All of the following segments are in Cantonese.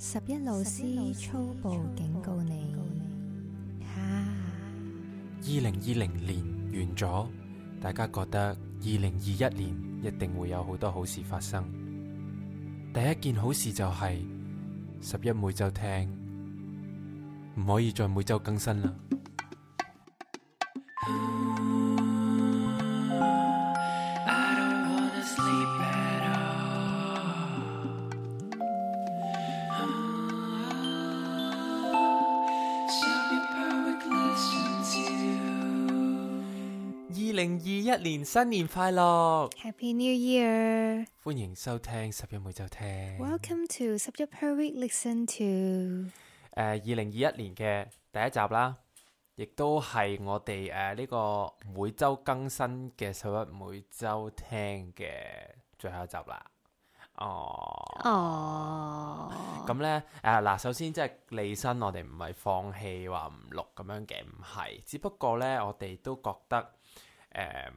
拾壹老師粗暴警告你：吓！二零二零年完咗，大家覺得二零二一年一定會有好多好事發生。第一件好事就係、是、拾壹每周聽，唔可以再每周更新啦。新年快樂！Happy New Year！歡迎收聽拾壹每週聽。Welcome to 拾壹 per week listen to。誒，二零二一年嘅第一集啦，亦都係我哋誒呢個每週更新嘅拾壹每週聽嘅最後一集啦。哦，哦，咁咧誒嗱，首先即係利申，我哋唔係放棄話唔錄咁樣嘅，唔係，只不過咧我哋都覺得誒。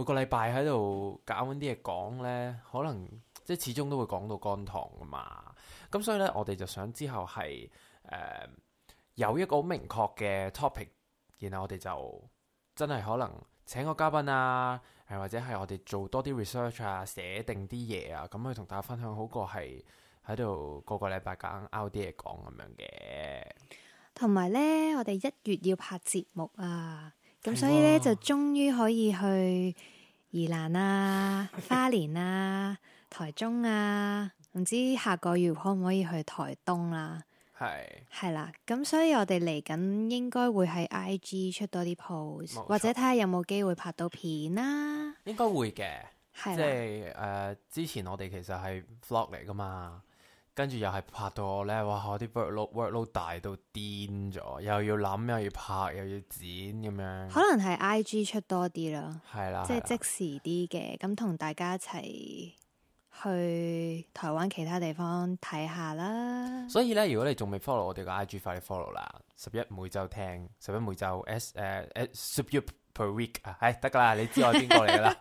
每個禮拜喺度搞啲嘢講呢，可能即係始終都會講到乾塘噶嘛。咁所以呢，我哋就想之後係、呃、有一個好明確嘅 topic，然後我哋就真係可能請個嘉賓啊，係或者係我哋做多啲 research 啊，寫定啲嘢啊，咁去同大家分享好的的，好過係喺度個個禮拜揀 out 啲嘢講咁樣嘅。同埋呢，我哋一月要拍節目啊。咁所以咧的就終於可以去宜蘭啊、花蓮啊、 台中啊，唔知下個月可唔可以去台東啦、啊？係係啦，咁所以我哋嚟緊應該會喺 IG 出多啲 pose，錯或者睇下有冇機會拍到片啦、啊。應該會嘅，的即係誒、呃，之前我哋其實係 vlog 嚟噶嘛。跟住又係拍到我咧，哇！我啲 work load work load 大到癲咗，又要諗，又要拍，又要剪，咁樣。可能係 I G 出多啲咯，係啦，即係即時啲嘅。咁同是的 大家一齊去台灣其他地方睇下啦。所以咧，如果你仲未 follow 我哋個 I G，快啲 follow 啦！拾壹每週聽，拾壹每週 S 誒誒 s, s u、uh, Per week 啊、哎，係得噶啦，你知我邊個嚟噶啦？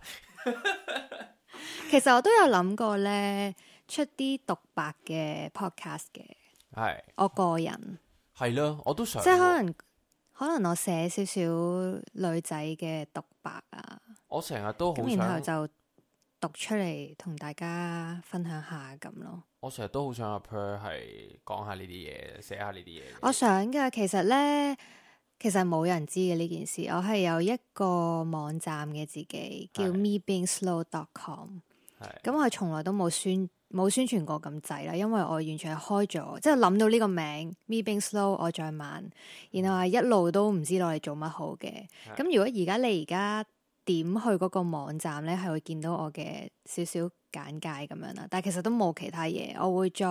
其實我都有諗過咧。出啲獨白嘅 podcast 嘅，係的我個人係咯，我都想，即係可能可能我寫少少女仔嘅獨白啊，我成日都好，然後就讀出嚟同大家分享下咁咯。我成日都好想阿 per 係講下呢啲嘢，寫下呢啲嘢。我想嘅其實咧，其實冇人知嘅呢件事，我係有一個網站嘅自己叫 me being slow dot com，係咁的我從來都冇宣。冇宣傳過咁滯啦，因為我完全係開咗，即係諗到呢個名，me being slow，我再慢，然後一路都唔知道攞嚟做乜好嘅。咁的如果而家你而家點去嗰個網站呢？係會見到我嘅少少簡介咁樣啦，但係其實都冇其他嘢，我會再。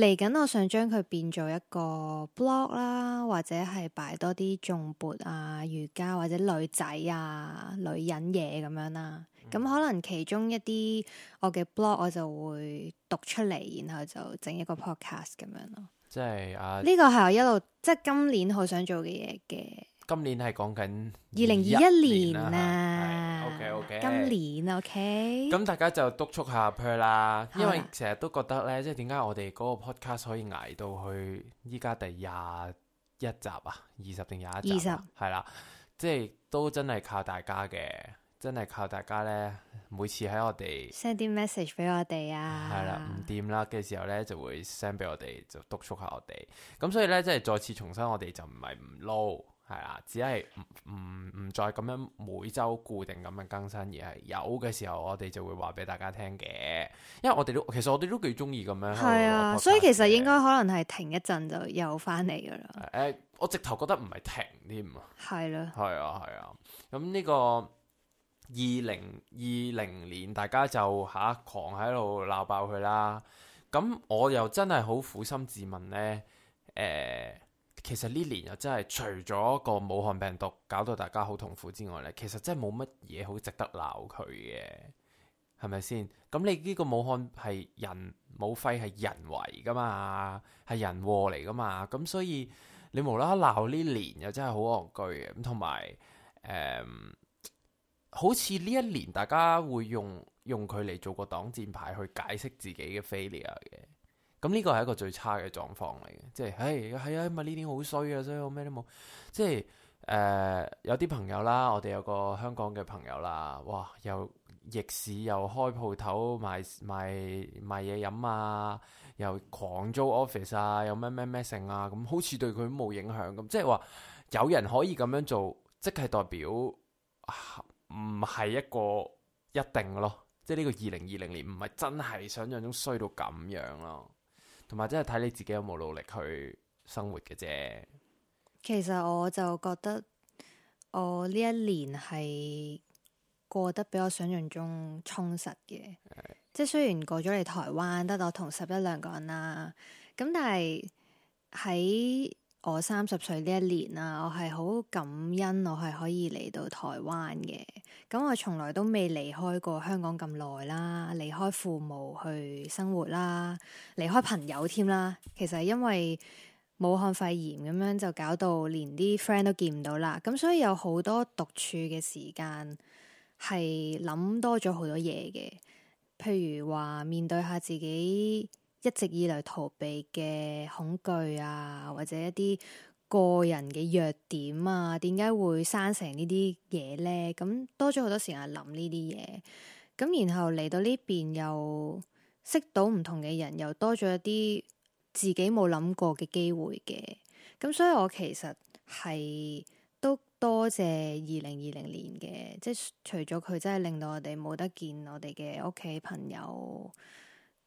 嚟緊，我想將佢變做一個 blog 啦，或者係擺多啲種播啊、瑜伽或者女仔啊、女人嘢咁樣啦。咁可能其中一啲我嘅 blog，我就會讀出嚟，然後就整一個 podcast 咁樣咯、uh。即係啊，呢個係我一路即係今年好想做嘅嘢嘅。今年係講緊二零二一年啦是，OK OK，今年 OK，咁大家就督促下 Per 啦，吧因為成日都覺得咧，即係點解我哋嗰個 Podcast 可以挨到去依家第廿一集啊，二十定廿一集，係啦，即係、就是、都真係靠大家嘅，真係靠大家咧，每次喺我哋 send 啲 message 俾我哋啊，係啦，唔掂啦嘅時候咧就會 send 俾我哋，就督促下我哋，咁所以咧即係再次重申，我哋就唔係唔撈。係啦、啊，只係唔唔唔再咁樣每周固定咁樣更新，而係有嘅時候，我哋就會話俾大家聽嘅。因為我哋都其實我哋都幾中意咁樣。係啊，Podcast 所以其實應該可能係停一陣就又翻嚟㗎啦。誒、啊，我直頭覺得唔係停添啊！係咯，係啊，係啊。咁呢、啊、個二零二零年，大家就嚇、啊、狂喺度鬧爆佢啦。咁我又真係好苦心自問咧，誒、啊、～其實呢年又真係除咗個武漢病毒搞到大家好痛苦之外呢，其實真係冇乜嘢好值得鬧佢嘅，係咪先？咁你呢個武漢係人冇肺係人為噶嘛，係人禍嚟噶嘛？咁所以你無啦啦鬧呢年又真係好戇居嘅，咁同埋誒，好似呢一年大家會用用佢嚟做個擋箭牌去解釋自己嘅 failure 嘅。咁呢個係一個最差嘅狀況嚟嘅，即係，唉、哎，係啊，咪呢啲好衰啊，所以我咩都冇。即係誒、呃，有啲朋友啦，我哋有個香港嘅朋友啦，哇，又逆市又開鋪頭賣賣賣嘢飲啊，又狂租 office 啊，又咩咩咩性啊，咁好似對佢冇影響咁。即係話有人可以咁樣做，即係代表唔係一個一定咯。即係呢個二零二零年唔係真係想像中衰到咁樣咯。同埋真係睇你自己有冇努力去生活嘅啫。其實我就覺得我呢一年係過得比我想像中充實嘅。的即係雖然過咗嚟台灣得我同十一兩個人啦，咁但係喺。我三十歲呢一年啦，我係好感恩我係可以嚟到台灣嘅。咁我從來都未離開過香港咁耐啦，離開父母去生活啦，離開朋友添啦。其實因為武漢肺炎咁樣就搞到連啲 friend 都見唔到啦。咁所以有好多獨處嘅時間，係諗多咗好多嘢嘅。譬如話面對下自己。一直以來逃避嘅恐懼啊，或者一啲個人嘅弱點啊，點解會生成呢啲嘢咧？咁多咗好多時間諗呢啲嘢，咁然後嚟到呢邊又識到唔同嘅人，又多咗一啲自己冇諗過嘅機會嘅。咁所以我其實係都多謝二零二零年嘅，即係除咗佢真係令到我哋冇得見我哋嘅屋企朋友。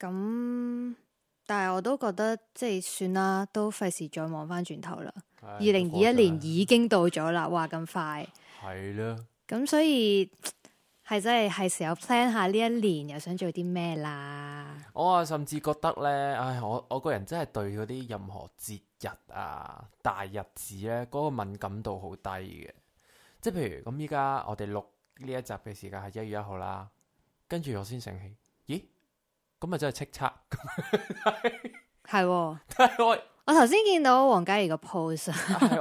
咁，但係我都覺得即係算啦，都費事再望翻轉頭啦。二零二一年已經到咗啦，話咁快，係啦。咁所以係真係係時候 plan 下呢一年又想做啲咩啦。我啊，甚至覺得咧，唉，我我個人真係對嗰啲任何節日啊、大日子咧，嗰個敏感度好低嘅。即係譬如咁，依家我哋錄呢一集嘅時間係一月一號啦，跟住我先醒起。咁咪真係叱咤，係，但 係、哦、 我我頭先見到黃嘉怡個 post，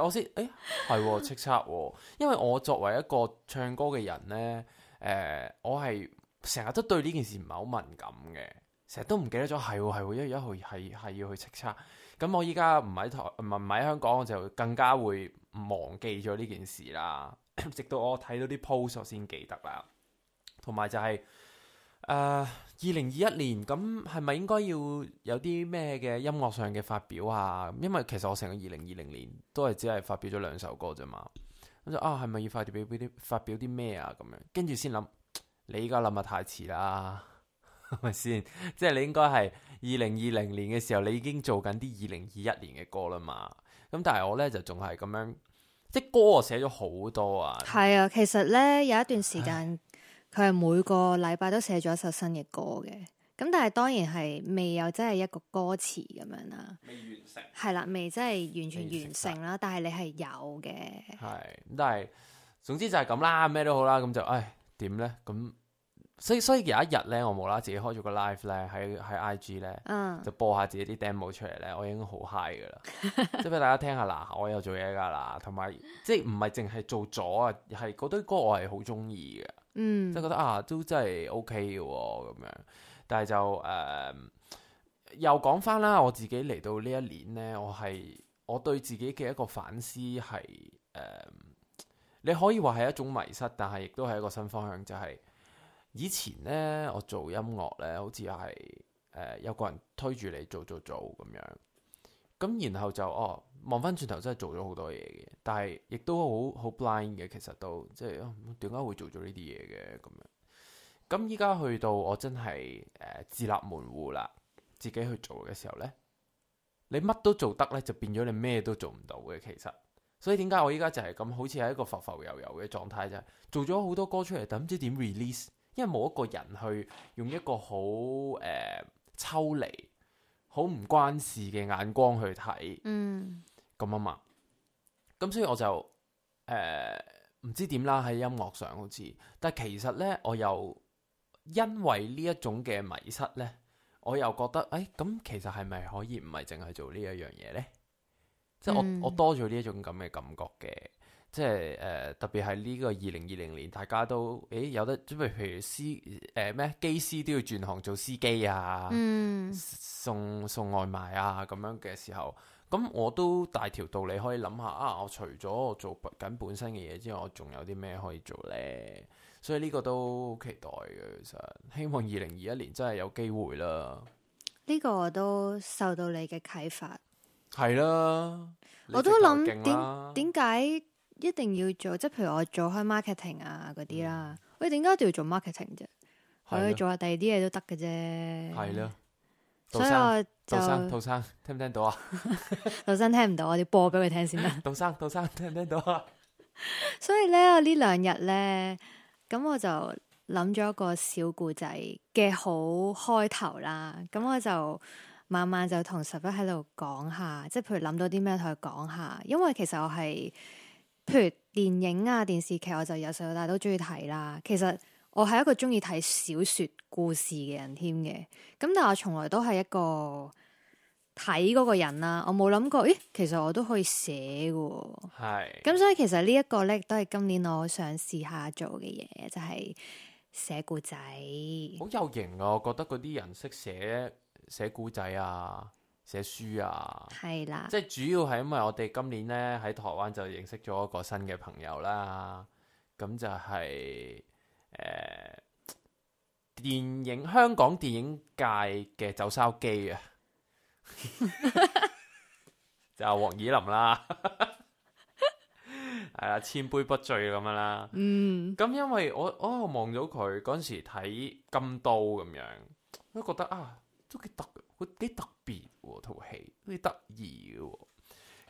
我先，誒、哎，係叱咤，因為我作為一個唱歌嘅人咧，誒、呃，我係成日都對呢件事唔係好敏感嘅，成日都唔記得咗係，係、哦哦、一月一號係係要去叱咤。咁我依家唔喺台唔係唔喺香港，我就更加會忘記咗呢件事啦，直到我睇到啲 post 先記得啦，同埋就係、是。誒，二零二一年咁係咪應該要有啲咩嘅音樂上嘅發表啊？因為其實我成個二零二零年都係只係發表咗兩首歌咋嘛。咁就啊，係咪要快啲發表啲發表啲咩啊？咁樣跟住先諗，你依家諗啊太遲啦，咪先？即係你應該係二零二零年嘅時候，你已經做緊啲二零二一年嘅歌啦嘛。咁但係我呢，就仲係咁樣，即歌我寫咗好多啊。係啊，其實呢，有一段時間。佢係每個禮拜都寫咗一首新嘅歌嘅，咁但係當然係未有真係一個歌詞咁樣啦，未完成，係啦，未真係完全完成啦。但係你係有嘅，係，但係總之就係咁啦，咩都好啦，咁就唉，點咧？咁所以所以有一日咧，我無啦，自己開咗個 live 咧，喺喺 I G 咧，嗯，就播下自己啲 demo 出嚟咧，我已經好 high 噶啦，即係俾大家聽下嗱，我有，有做嘢噶啦，同埋即係唔係淨係做咗啊？係嗰堆歌我係好中意嘅。嗯，即係覺得啊，都真係 OK 嘅咁樣，但係就誒、呃，又講翻啦，我自己嚟到呢一年呢，我係我對自己嘅一個反思係誒、呃，你可以話係一種迷失，但係亦都係一個新方向，就係、是、以前呢，我做音樂呢，好似係誒有個人推住你做做做咁樣。咁然後就哦，望翻轉頭真係做咗好多嘢嘅，但係亦都好好 blind 嘅，其實都即係點解會做咗呢啲嘢嘅咁樣？咁依家去到我真係誒、呃、自立門戶啦，自己去做嘅時候呢，你乜都做得呢，就變咗你咩都做唔到嘅。其實，所以點解我依家就係咁，好似係一個浮浮游游嘅狀態，就係做咗好多歌出嚟，但唔知點 release，因為冇一個人去用一個好誒、呃、抽離。好唔關事嘅眼光去睇，咁啊嘛，咁所以我就誒、呃，唔知點啦，喺音樂上好似，但其實呢，我又因為呢一種嘅迷失呢，我又覺得誒咁、欸、其實係咪可以唔係淨係做呢一樣嘢呢？嗯、即係我我多咗呢一種咁嘅感覺嘅。即係誒、呃，特別係呢個二零二零年，大家都誒有得準備，譬如司誒咩機師都要轉行做司機啊，嗯、送送外賣啊咁樣嘅時候，咁我都大條道理可以諗下啊！我除咗做緊本身嘅嘢之外，我仲有啲咩可以做咧？所以呢個都期待嘅，其實希望二零二一年真係有機會啦。呢個我都受到你嘅啟發，係啦，啦我都諗點點解？一定要做，即係譬如我做開 marketing 啊，嗰啲啦。喂，點解一定要做 marketing 啫的？我可以做下第二啲嘢都得嘅啫。係囉，所以我就杜生， 杜生聽唔聽到啊？杜生聽唔到，我哋播俾佢聽先啊。杜生，杜生聽唔聽到啊？所以咧，我呢兩日咧，咁我就諗咗一個小故仔嘅好開頭啦。咁我就慢慢就同十一喺度講下，即係譬如諗到啲咩，同佢講下。因為其實我係。譬如電影啊、電視劇，我就由細到大都中意睇啦。其實我係一個中意睇小說故事嘅人添嘅。咁但係我從來都係一個睇嗰個人啦。我冇諗過，咦，其實我都可以寫嘅。係是。咁所以其實呢一個咧，都係今年我想試下做嘅嘢，就係、是、寫故仔。好有型啊！我覺得嗰啲人識寫寫故仔啊。寫書啊，係啦，即係主要係因為我哋今年咧喺台灣就認識咗一個新嘅朋友啦，咁就係誒電影香港電影界嘅走燒機啊，就係黃以林啦，係啊千杯不醉，咁樣啦，嗯，咁因為我我又望咗佢嗰陣時睇金刀咁樣，都覺得啊都幾得。會幾特別喎，套戲，會得意嘅，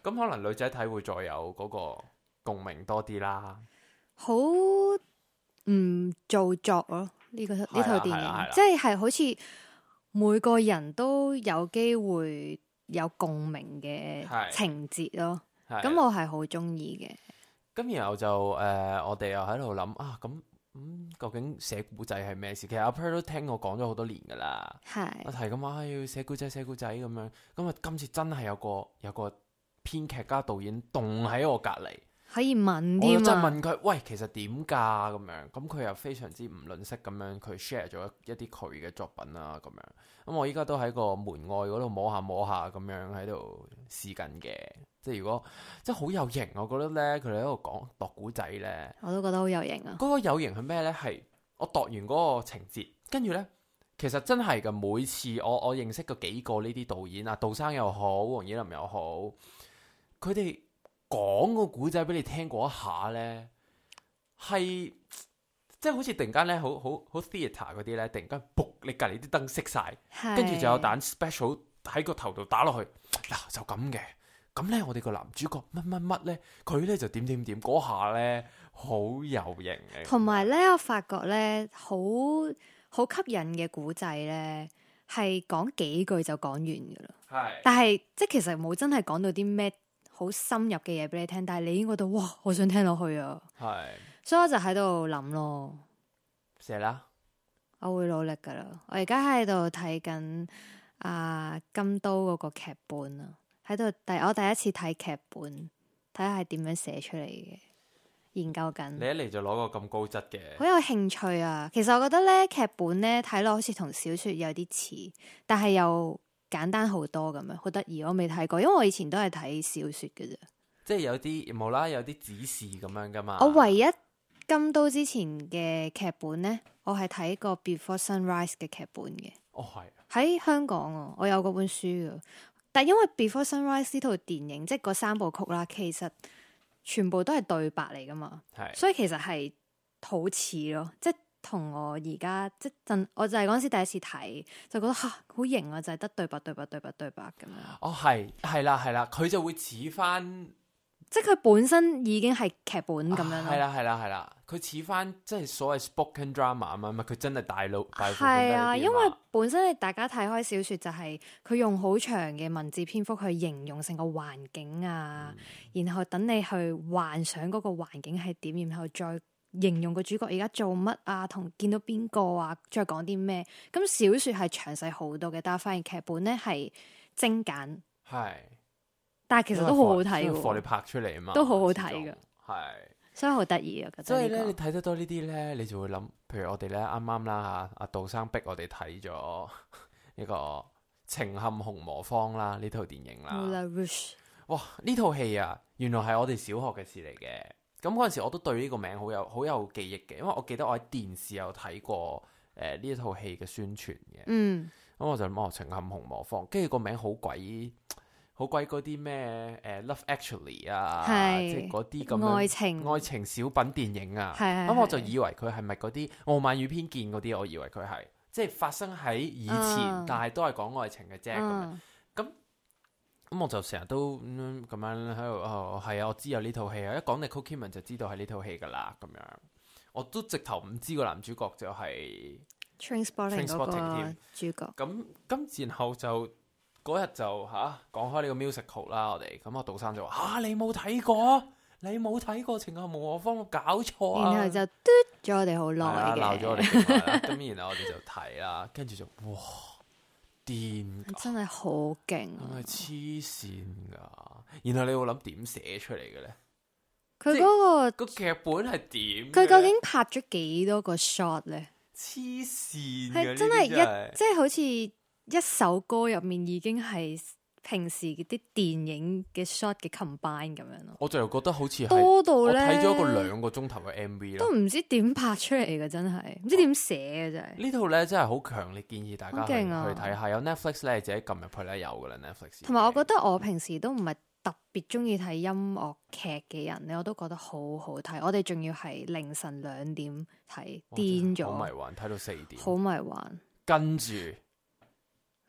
咁可能女仔睇會再有嗰個共鳴多啲啦。好唔做作咯，呢、這個呢套、啊、電影，啊啊、即係好似每個人都有機會有共鳴嘅情節咯。咁、啊、我係好中意嘅。咁、啊啊、然後就誒、呃，我哋又喺度諗啊，咁。咁、嗯、究竟寫古仔係咩事？其實阿 Pray 都聽我講咗好多年噶啦，是我係咁話要寫古仔寫古仔咁樣，咁啊今次真係有個有個編劇加導演棟喺我隔離。可以問啲、啊、我就問佢：喂，其實點㗎？咁樣，咁佢又非常之唔吝嗇咁樣，佢 share 咗一啲佢嘅作品啊咁樣。咁我依家都喺個門外嗰度摸下摸下咁樣喺度試緊嘅。即係如果即係好有型，我覺得呢，佢哋喺度講讀古仔呢，我都覺得好有型啊！嗰個有型係咩呢？係我讀完嗰個情節，跟住呢，其實真係嘅。每次我我認識過幾個呢啲導演啊，杜生又好，黃綺琳又好，佢哋。講個古仔俾你聽過一下咧，係即係好似突然間咧，好好好 theatre 嗰啲咧，突然間，卟你隔籬啲燈熄晒，跟住是就有彈 special 喺個頭度打落去，嗱就咁嘅。咁咧，我哋個男主角乜乜乜咧，佢咧就點點點嗰下咧，好有型嘅。同埋咧，我發覺咧，好好吸引嘅古仔咧，係講幾句就講完噶啦。係是，但係即係其實冇真係講到啲咩。好深入嘅嘢俾你聽，但係你已經覺得：「哇，好想聽落去啊！係的，所以我就喺度諗咯，寫啦了，我會努力噶啦。我而家喺度睇緊《啊金刀》嗰個劇本啊，喺度第我第一次睇劇本，睇下係點樣寫出嚟嘅，研究緊。你一嚟就攞個咁高質嘅，好有興趣啊！其實我覺得咧，劇本咧睇落好似同小說有啲似，但係又簡單好多咁樣，好得意。我未睇過，因為我以前都係睇小說嘅啫。即係有啲冇啦，無無有啲指示咁樣噶嘛。我唯一咁多之前嘅劇本呢，我係睇過 Before rise《Before Sunrise》嘅劇本嘅。哦，係喺、啊、香港啊，我有嗰本書噶。但因為《Before Sunrise》呢套電影，即係嗰三部曲啦，其實全部都係對白嚟噶嘛。係，所以其實係好似咯，即同我而家即陣，我就係嗰時第一次睇，就覺得吓好型啊！就係、是、得對白對白對白對白咁樣。哦，係係啦係啦，佢就會似翻，即係佢本身已經係劇本咁樣咯。係啦係啦係啦，佢似翻即係所謂 spoken drama 啊嘛，咪佢真係大佬，大佬。係啊的，因為本身大家睇開小說就係佢用好長嘅文字篇幅去形容成個環境啊，嗯、然後等你去幻想嗰個環境係點，然後再。形容個主角而家做乜啊，同見到邊個啊，再講啲咩？咁小說係詳細好多嘅，但係發現劇本咧係精簡，係是，但係其實因為 都好好睇嘅，你拍出嚟啊嘛，都好好睇嘅，係終，是所以好得意、這、啊、個！所以咧，你睇得多呢啲咧，你就會諗，譬如我哋咧啱啱啦吓，阿杜生逼我哋睇咗呢個《情陷紅魔方》啦，呢套電影啦，哇！呢套戲啊，原來係我哋小學嘅事嚟嘅。咁嗰陣時，我都對呢個名好有好有記憶嘅，因為我記得我喺電視有睇過誒呢一套戲嘅宣傳嘅。嗯，咁、嗯、我就諗哦、呃，情陷紅磨坊，跟住個名好鬼好鬼嗰啲咩誒 Love Actually 啊，是即係嗰啲咁樣愛情愛情小品電影啊。係咁是、嗯嗯、我就以為佢係咪嗰啲傲慢與偏見嗰啲？我以為佢係即係發生喺以前，嗯、但係都係講愛情嘅啫。咁、嗯。嗯嗯咁、嗯、我就成日都咁、嗯、樣喺度，哦係啊，我知有呢套戲啊，一講你 Nicole Kidman 就知道係呢套戲噶啦，咁樣，我都直頭唔知個男主角就係、是、Trainspotting 嗰個主角。咁咁、嗯嗯、然後就嗰日就吓、啊、講開呢個 musical 啦，我哋，咁我杜生就話：吓、啊、你冇睇過，你冇睇過《情陷紅磨坊》？搞錯、啊、然後就嘟咗我哋好耐鬧咗我哋。咁 然後我哋就睇啦，跟住就，就哇！真係好勁，啊，係黐線噶！然後你會諗點寫出嚟嘅咧？佢嗰、嗰個是個劇本係點？佢究竟拍咗幾多個 shot 咧？黐線係真係一，即係好似一首歌入面已經係。平時啲電影嘅 shot 嘅 combine 咁樣咯，我就覺得好似多到咧，睇咗個兩個鐘頭嘅 MV 啦，都唔知點拍出嚟嘅，真係唔知點寫嘅，真係的。套呢套咧真係好強烈建議大家去睇下，啊，有 Netflix 咧自己撳入去咧有噶啦 Netflix。同埋我覺得我平時都唔係特別中意睇音樂劇嘅人咧，我都覺得好好睇。我哋仲要係凌晨兩點睇癲咗，好迷幻睇到四點，好了迷幻。迷幻跟住。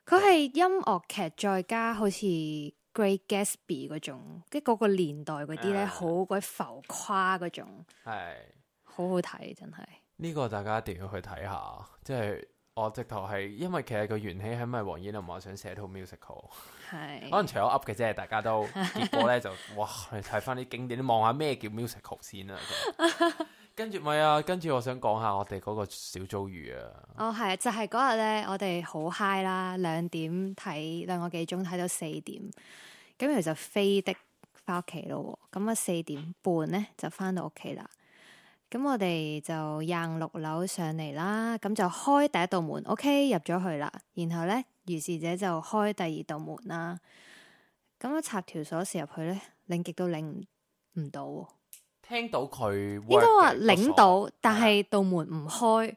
佢係音樂劇，再加好似 Great Gatsby 嗰種，即嗰個年代嗰啲咧好鬼浮誇嗰種，係的好好睇，真係呢個大家一定要去睇下。即係我直頭係，因為其實個元氣係咪王菀之我想寫套 musical？係可能除咗 up 嘅啫，大家都結果咧 就哇，去睇翻啲經典，望下咩叫 musical 先啦。 跟住咪啊，跟住我想講下我哋嗰個小遭遇啊。哦，係、啊、就係嗰日咧，我哋好嗨啦，兩點睇兩個幾鐘睇到四點，咁其實飛的翻屋企咯，咁啊四點半咧就翻到屋企啦。咁我哋就掅六樓上嚟啦，咁就開第一道門，OK 入咗去啦。然後咧，如是者就開第二道門啦。咁啊插條鎖匙入去咧，擰極都擰唔唔到。聽到佢應該話擰到，但係道門唔開。係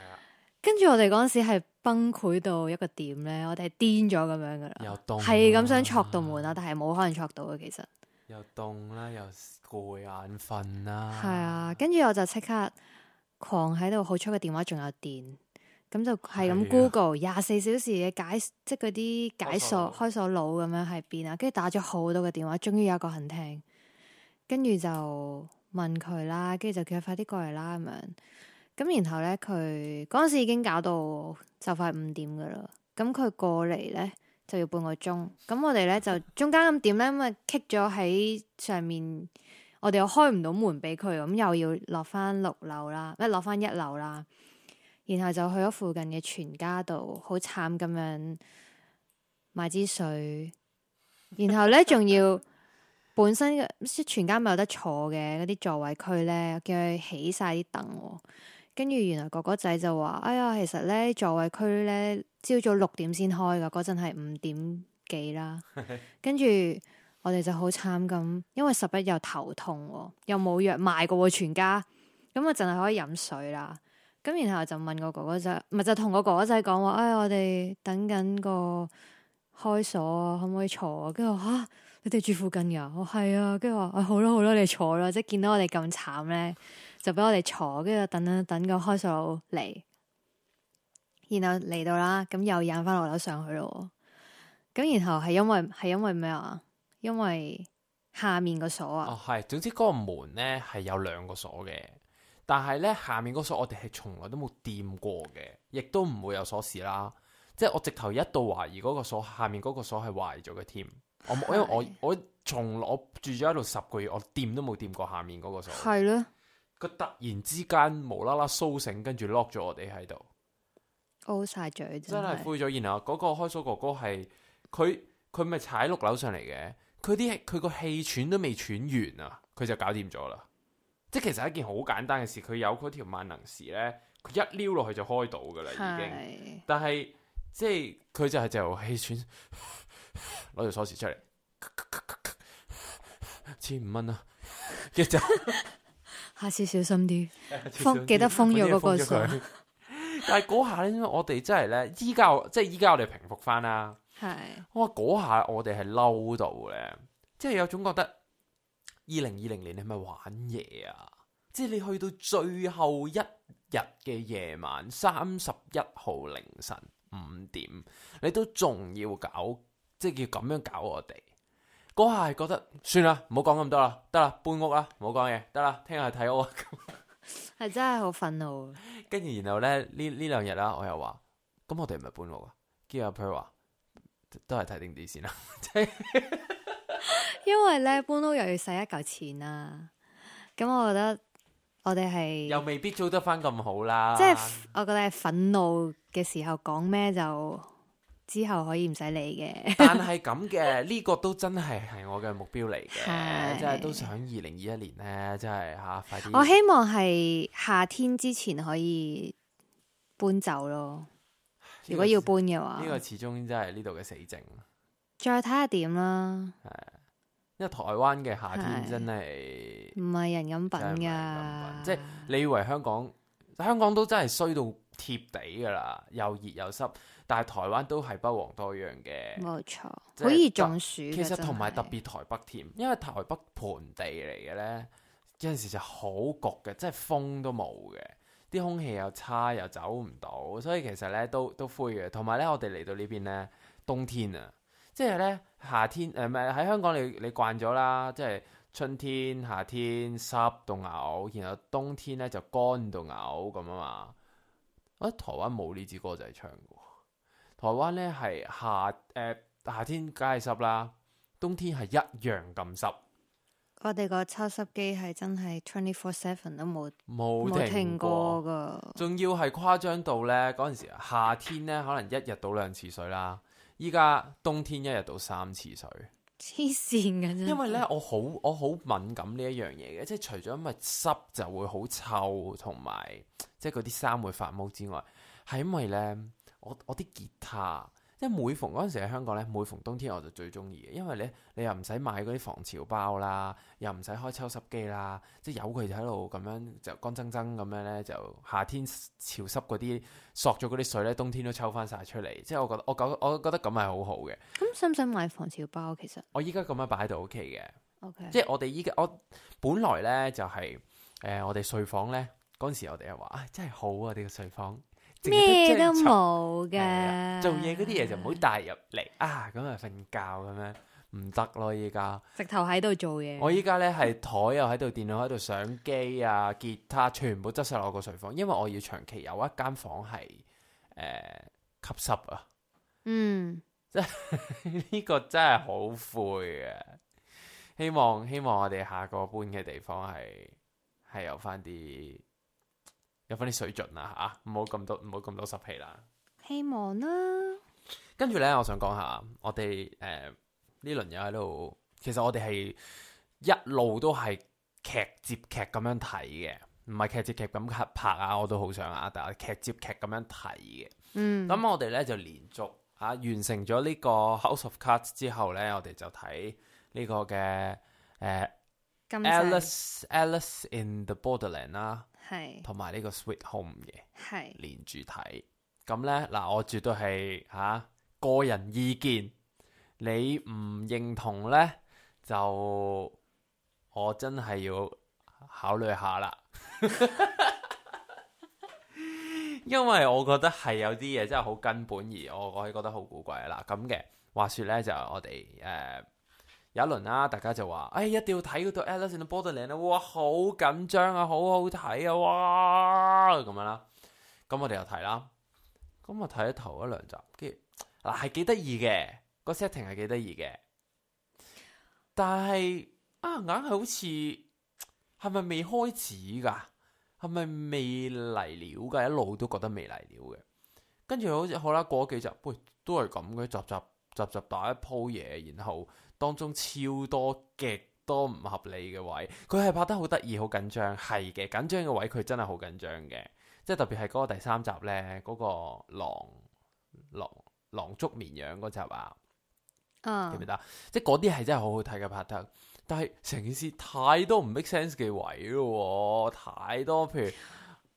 啊，跟住我哋嗰時係崩潰到一個點咧，我哋係癲咗咁樣噶啦，係咁想鑿道門啊，門啊但係冇可能鑿到嘅。其實又凍啦、啊，又攰眼瞓啦、啊。係啊，跟住我就即刻狂喺度，好彩嘅電話仲有電，咁就係咁、啊、Google 廿四小時嘅解，即係嗰啲解鎖開鎖佬咁樣喺邊啊，跟住打咗好多個電話，終於有一個肯聽。跟住就問佢啦，跟住就叫佢快啲過嚟啦咁樣。咁然後咧，佢嗰陣時已經搞到就快五點噶啦。咁佢過嚟咧就要半個鐘。咁我哋咧就中間咁點咧，咁啊棘咗喺上面。我哋又開唔到門俾佢，咁又要落翻六樓啦，唔係落翻一樓啦。然後就去咗附近嘅全家度，好慘咁樣買支水。然後咧仲要.。 本身嘅全家咪有得坐嘅嗰啲座位區咧，叫佢起晒啲凳，跟住原來哥哥仔就話：哎呀，其實咧座位區咧，朝早六點先開噶，嗰陣係五點幾啦。跟住 我哋就好慘咁，因為拾壹又頭痛，又冇藥賣噶，全家咁啊，淨係可以飲水啦。咁然後我就問個哥哥仔，咪就同個哥哥仔講話：哎，我哋等緊個開鎖，可唔可以坐？跟住吓。啊佢哋住附近噶，哦，係啊，跟住話，誒、哎，好咯，好咯，你坐咯，即係見到我哋咁慘咧，就俾我哋坐，跟住等啦，等個開鎖佬嚟，然後嚟到啦，咁又引翻落樓上去咯。咁然後係因為係因為咩啊？因為下面個鎖啊。哦，係，總之嗰個門咧係有兩個鎖嘅，但係咧下面嗰鎖我哋係從來都冇掂過嘅，亦都唔會有鎖匙啦。即係我直頭一度懷疑嗰個鎖下面嗰個鎖係壞咗嘅，添。我我因為我我從我住咗喺度十個月，我掂都冇掂過下面嗰個鎖。係咯的，佢突然之間無啦啦蘇醒，跟住 lock 咗我哋喺度，烏晒嘴真係灰咗。然後嗰個開鎖哥哥係佢佢咪踩六樓上嚟嘅，佢啲佢個氣喘都未喘完啊，佢就搞掂咗啦。即係其實一件好簡單嘅事，佢有嗰條萬能匙咧，佢一撩落去就開到噶啦，已經。的但係即係佢就係就氣喘。攞條鎖匙出嚟，千五蚊啊。啦。 下次小心啲，放記得封藥嗰個鎖。 但係嗰下咧，因為我哋真係咧，依家即係依家我哋平復翻啦。係我嗰下，我哋係嬲到咧，即係是有種覺得二零二零年你係咪玩嘢啊？即係你去到最後一日嘅夜晚，三十一號凌晨五點，你都仲要搞。即係要咁樣搞我哋，嗰下係覺得算啦，唔好講咁多啦，得啦搬屋啦，唔 好講嘢，得啦聽日去睇屋。係真係好憤怒。跟住然後咧呢兩呢兩日啦，我又話咁我哋唔係搬屋啊，跟住阿 Per 話都係睇定啲先啦， 因為咧搬屋又要使一嚿錢啦，咁我覺得我哋係又未必做得翻咁好啦。即係我覺得係憤怒嘅時候講咩就。之後可以唔使理嘅，但係咁嘅呢個都真係係我嘅目標嚟嘅，即係是都想二零二一年咧，即係吓快啲。我希望係夏天之前可以搬走咯。這個、如果要搬嘅話，呢個始終真係呢度嘅死症。再睇下點啦。係，因為台灣嘅夏天真係唔係人咁品噶，的即係你以為香港香港都真係衰到貼地噶啦，又熱又濕。但係台灣都係不遑多讓嘅，冇錯，好易中暑。其實同埋特別台北添，因為台北盆地嚟嘅呢，有陣時就好焗嘅，即係風都冇嘅，啲空氣又差又走唔到，所以其實呢都都灰嘅。同埋呢，我哋嚟到呢邊呢，冬天啊，即係呢夏天誒，唔係喺香港你你慣咗啦，即係春天夏天濕到嘔，然後冬天呢就乾到嘔咁啊嘛。我、啊、喺台灣冇呢支歌仔唱。台灣咧係夏誒、欸、夏天梗係濕啦，冬天係一樣咁濕。我哋個抽濕機係真係 twenty four seven 都冇冇停過噶，仲要係誇張到咧嗰陣時夏天咧可能一日倒兩次水啦，依家冬天一日倒三次水，黐線噶真。因為咧我好我好敏感呢一樣嘢嘅，即係除咗因為濕就會好臭，同埋即係嗰啲衫會發毛之外，係因為咧。我我啲吉他，即係每逢嗰陣時喺香港咧，每逢冬天我就最中意嘅，因為咧你又唔使買嗰啲防潮包啦，又唔使開抽濕機啦，即係由佢就喺度咁樣就乾爭爭咁樣咧，就夏天潮濕嗰啲索咗嗰啲水咧，冬天都抽翻晒出嚟，即係我覺得我覺我，我覺得咁係好好嘅。咁使唔使買防潮包？其實我依家咁樣擺喺度 OK 嘅。OK，即係我哋依家我本來咧就係、是、誒、呃、我哋睡房咧嗰陣時我、哎，我哋又話啊真係好啊！我哋個睡房。咩都冇嘅、啊，做嘢嗰啲嘢就唔好帶入嚟啊！咁啊，瞓覺嘅咩？唔得咯，依家直頭喺度做嘢。我依家呢係台又喺度，電腦喺度，相機啊，吉他全部執晒落個睡房，因為我要長期有一間房係誒、呃、吸濕啊。嗯，即係呢個真係好灰啊。希望希望我哋下個搬嘅地方係係有翻啲。有翻啲水準啦吓，唔好咁多唔好咁多濕氣啦。希望啦。跟住咧，我想講下我哋誒呢輪又喺度，其實我哋係一路都係劇接劇咁樣睇嘅，唔係劇接劇咁拍啊，我都好想啊，但係劇接劇咁樣睇嘅。嗯。咁我哋咧就連續吓、啊、完成咗呢、這個 House of Cards 之後咧，我哋就睇呢個嘅誒、呃、色 Alice Alice in the Borderland 啦、啊。係，同埋呢個 Sweet Home 嘅，係的連住睇，咁呢，嗱，我絕對係吓、啊、個人意見，你唔認同呢，就我真係要考慮下啦， 因為我覺得係有啲嘢真係好根本而我我覺得好古怪啦，咁嘅話說呢，就我哋誒。呃有一輪啦、啊，大家就話，哎，一定要睇嗰套《Alice in Borderland》啦，哇，好緊張啊，好好睇啊，哇，咁樣啦。咁我哋又睇啦，咁我睇咗頭一兩集，跟住嗱係幾得意嘅，個 setting 係幾得意嘅，但係啊硬係好似係咪未開始噶？係咪未嚟料噶？一路都覺得未嚟料嘅，跟住好似好啦，過咗幾集，喂，都係咁嘅，集集集集打一鋪嘢，然後。當中超多極多唔合理嘅位，佢係拍得好得意，好緊張，係嘅緊張嘅位，佢真係好緊張嘅，即係特別係嗰個第三集呢，嗰、嗰個狼狼狼捉綿羊嗰集啊，uh. 記唔記得？即係嗰啲係真係好好睇嘅拍得，但係成件事太多唔 make sense 嘅位咯，哦，太多，譬如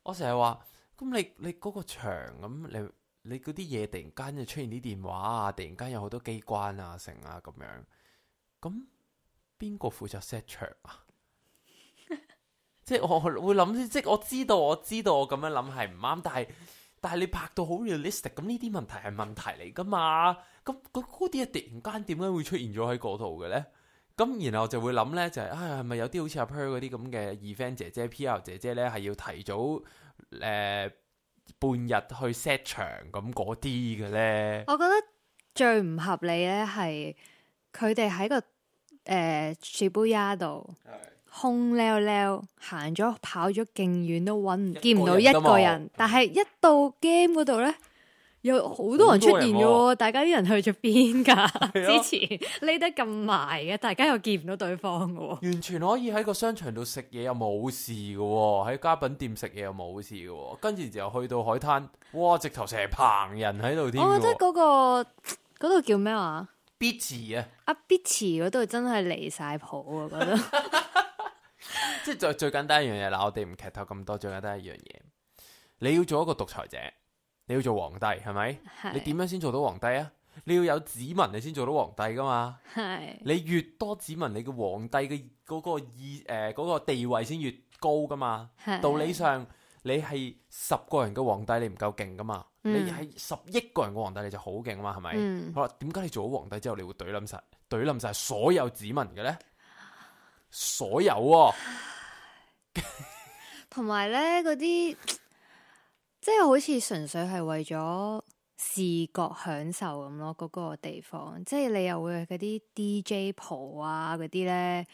我成日話，咁你你嗰個場咁，你你嗰啲嘢突然間就出現啲電話啊，突然間有好多機關啊成啊咁樣。咁邊個負責 set 場啊？ 即係我會諗，即係我知道，我知道我咁樣諗係唔啱，但係但係你拍到好 realistic，咁呢啲問題係問題嚟噶嘛？咁嗰啲啊突然間點解會出現咗喺嗰度嘅咧？咁然後就會諗咧，就係啊係咪有啲好似阿 Pearl 嗰啲咁嘅 event 姐姐、PR 姐姐咧，係要提早誒、呃、半日去 set 場咁嗰啲嘅咧？我覺得最唔合理咧係佢哋喺個。誒，澀谷丫度空溜溜行咗跑咗勁遠都揾唔見唔到一個，一個人，嗯、但係一到 game 嗰度咧，有好多人出現嘅，啊、大家啲人去咗邊噶？的之前匿得咁埋嘅，大家又見唔到對方嘅， 完全可以喺個商場度食嘢又冇事嘅，喺家品店食嘢又冇事嘅，跟住然後去到海灘，哇！直頭成日棚人喺度添，我覺得嗰個嗰度叫咩話？逼辭 B 啊！啊逼辭嗰度真係離晒譜啊！覺得，即係最最簡單一樣嘢，嗱，我哋唔劇透咁多，最簡單一樣嘢，你要做一個獨裁者，你要做皇帝係咪？是你點樣先做到皇帝啊？你要有子民你先做到皇帝噶嘛？係是你越多子民，你嘅皇帝嘅嗰個意誒、呃嗰個地位先越高噶嘛？是道理上。你係十個人嘅皇帝，你唔夠勁噶嘛？嗯、你係十億個人嘅皇帝，你就好勁啊嘛？係咪？嗯、好啦，點解你做咗皇帝之後，你會懟冧晒、懟冧晒所有子民嘅咧？所有、哦有呢，同埋咧嗰啲，即係 好似純粹係為咗視覺享受咁咯，嗰個地方，即、就、係、是、你又會嗰啲 DJ 婆啊，嗰啲咧，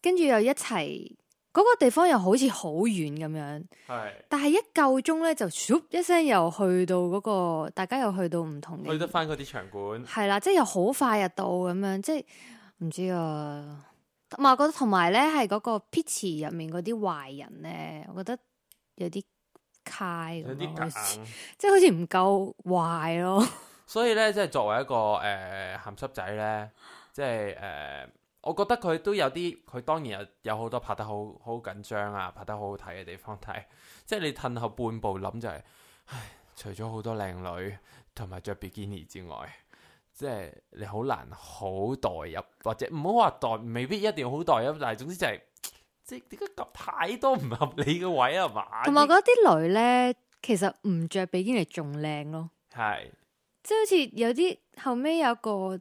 跟住又一齊。嗰個地方又好似好遠咁樣，是但係一夠鐘咧就咻一聲又去到嗰、嗰個，大家又去到唔同地方，去得翻嗰啲場館，係啦，即係又好快入到咁樣，即係唔知啊。同、嗯、埋我覺得同埋咧，係嗰個 pitch 入面嗰啲壞人咧，我覺得有啲 c 有啲假，即係好似唔夠壞咯。所以咧，即係作為一個誒鹹濕仔咧，即係誒。呃我覺得佢都有啲，佢當然有有好多拍得好好緊張啊，拍得好好睇嘅地方。睇即係你褪後半步諗就係，唉，除咗好多靚女同埋着比基尼之外，即係你好難好代入，或者唔好話代，未必一定好代入。但係總之就係，即係點解咁太多唔合理嘅位啊嘛？同埋嗰啲女咧，其實唔着比基尼仲靚咯，係，即係好似有啲後尾有個。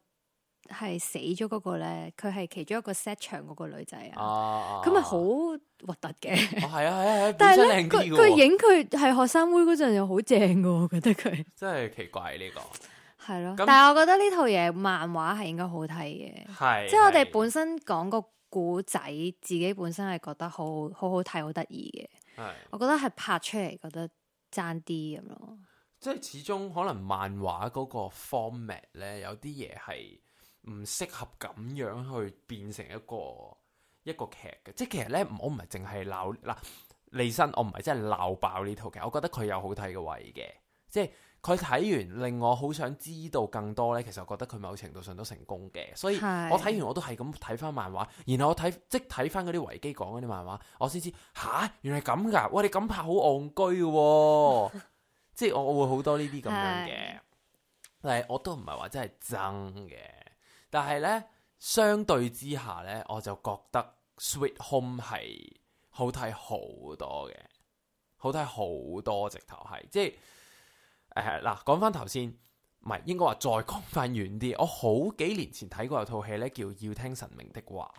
係死咗嗰個咧，佢係其中一個 set 場嗰個女仔啊、哦、啊，咁咪好核突嘅。係啊係啊係，本身靚啲嘅。但係咧，佢佢影佢係學生妹嗰陣又好正嘅，我覺得佢、啊、真係奇怪呢、呢個。係 咯，那但係我覺得呢套嘢漫畫係應該好睇嘅。係是，即係我哋本身講個古仔，自己本身係覺得好好好睇，好得意嘅。係是，我覺得係拍出嚟覺得爭啲咁咯。即係始終可能漫畫嗰個 format 咧，有啲嘢係。唔適合咁樣去變成一個一個劇嘅，即係其實呢，我唔係淨係鬧嗱李新，我唔係真係鬧爆呢套劇，我覺得佢有好睇嘅位嘅，即係佢睇完令我好想知道更多呢。其實我覺得佢某程度上都成功嘅，所以是我睇完我都係咁睇翻漫畫，然後我睇即睇翻嗰啲維基講嗰啲漫畫，我先知吓、啊，原來咁㗎，哇你咁拍好戇居喎， 即係我，我會好多呢啲咁樣嘅，是但係我都唔係話真係真嘅。但係咧，相對之下咧，我就覺得《Sweet Home》係好睇好多嘅，好睇好多直頭係，即係誒嗱，講翻頭先，唔係應該話再講翻遠啲。我好幾年前睇過有套戲咧，叫《要聽神明的話》，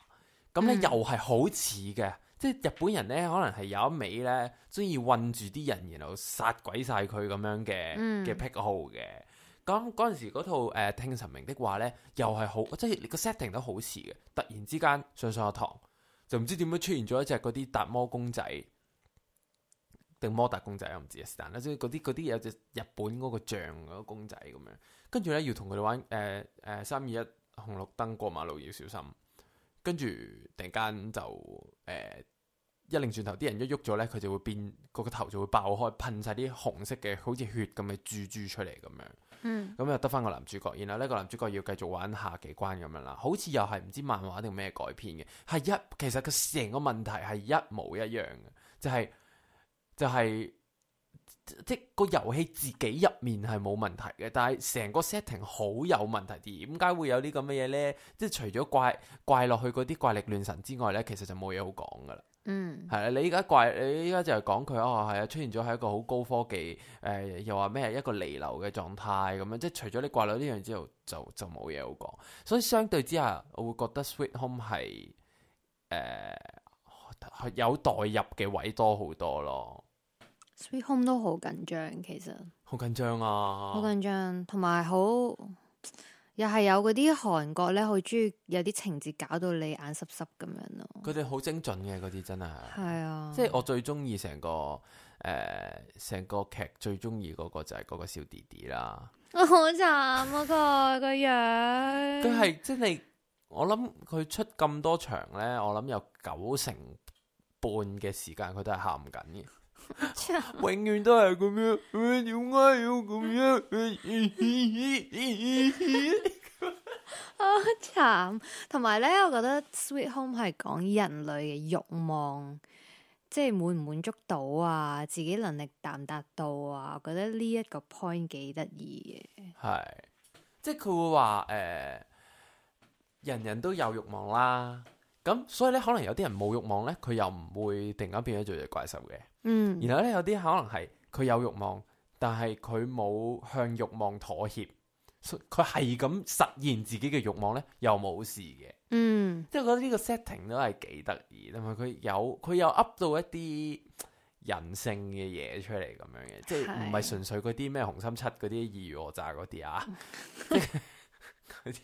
咁咧、嗯、又係好似嘅，即係日本人咧，可能係有一味咧，中意困住啲人，然後殺鬼晒佢咁樣嘅嘅、嗯、癖好嘅。咁嗰時，嗰套誒《聽神明的話》呢，又係好即係你個 setting 都好似嘅。突然之間上上堂，就唔知點樣出現咗一隻嗰啲達摩公仔定摩達公仔，我唔知啊。但係即係嗰啲啲有隻日本嗰個像嗰個公仔咁樣，跟住呢，要同佢哋玩誒誒三二一紅綠燈過馬路要小心，跟住突然間就誒、呃、一擰轉轉頭，啲人一喐咗呢，佢就會變個個頭就會爆開，噴晒啲紅色嘅好似血咁嘅珠珠出嚟咁樣。嗯，咁又得翻個男主角，然後呢個男主角要繼續玩下幾關咁樣啦，好似又係唔知漫畫定咩改編嘅，係一其實佢成個問題係一模一樣嘅，就係、是、就係、是、即個遊戲自己入面係冇問題嘅，但係成個 setting 好有問題，點解會有呢咁嘅嘢呢？即係除咗怪怪落去嗰啲怪力亂神之外呢，其實就冇嘢好講噶啦。嗯，係啊，你依家怪你依家就係講佢哦，係啊，出現咗係一個好高科技誒、呃，又話咩一個離流嘅狀態咁樣，即係除咗你怪佢呢樣之後，就就冇嘢好講，所以相對之下我會覺得 Sweet Home 係誒、呃、有代入嘅位多好多咯。Sweet Home 都好緊張，其實好緊張啊，好緊張，同埋好。又係有嗰啲韓國咧，好中意有啲情節搞到你眼濕濕咁樣咯。佢哋好精準嘅嗰啲真係，係啊！即係我最中意成個誒成、呃、個劇最中意嗰個就係嗰個小弟弟啦。我好慘嗰、啊、個 個樣，佢係即係你我諗佢出咁多場咧，我諗有九成半嘅時間佢都係喊緊嘅。 永遠都係咁樣，點解要咁樣？好 慘！ 同埋咧，我覺得《Sweet Home》係講人類嘅欲望，即係滿唔滿足到啊，自己能力達唔達到啊，我覺得呢一個 point 幾得意嘅。係，即係佢會話誒，人人都有欲望啦。咁所以咧，可能有啲人冇欲望咧，佢又唔會突然間變咗做隻怪獸嘅。嗯，然後咧，有啲可能係佢有欲望，但係佢冇向欲望妥協，佢係咁實現自己嘅欲望咧，又冇事嘅。嗯，即係覺得呢個 setting 都係幾得意，同埋佢有佢又 up 到一啲人性嘅嘢出嚟咁樣嘅，是即係唔係純粹嗰啲咩紅心七嗰啲二鑊炸嗰啲啊？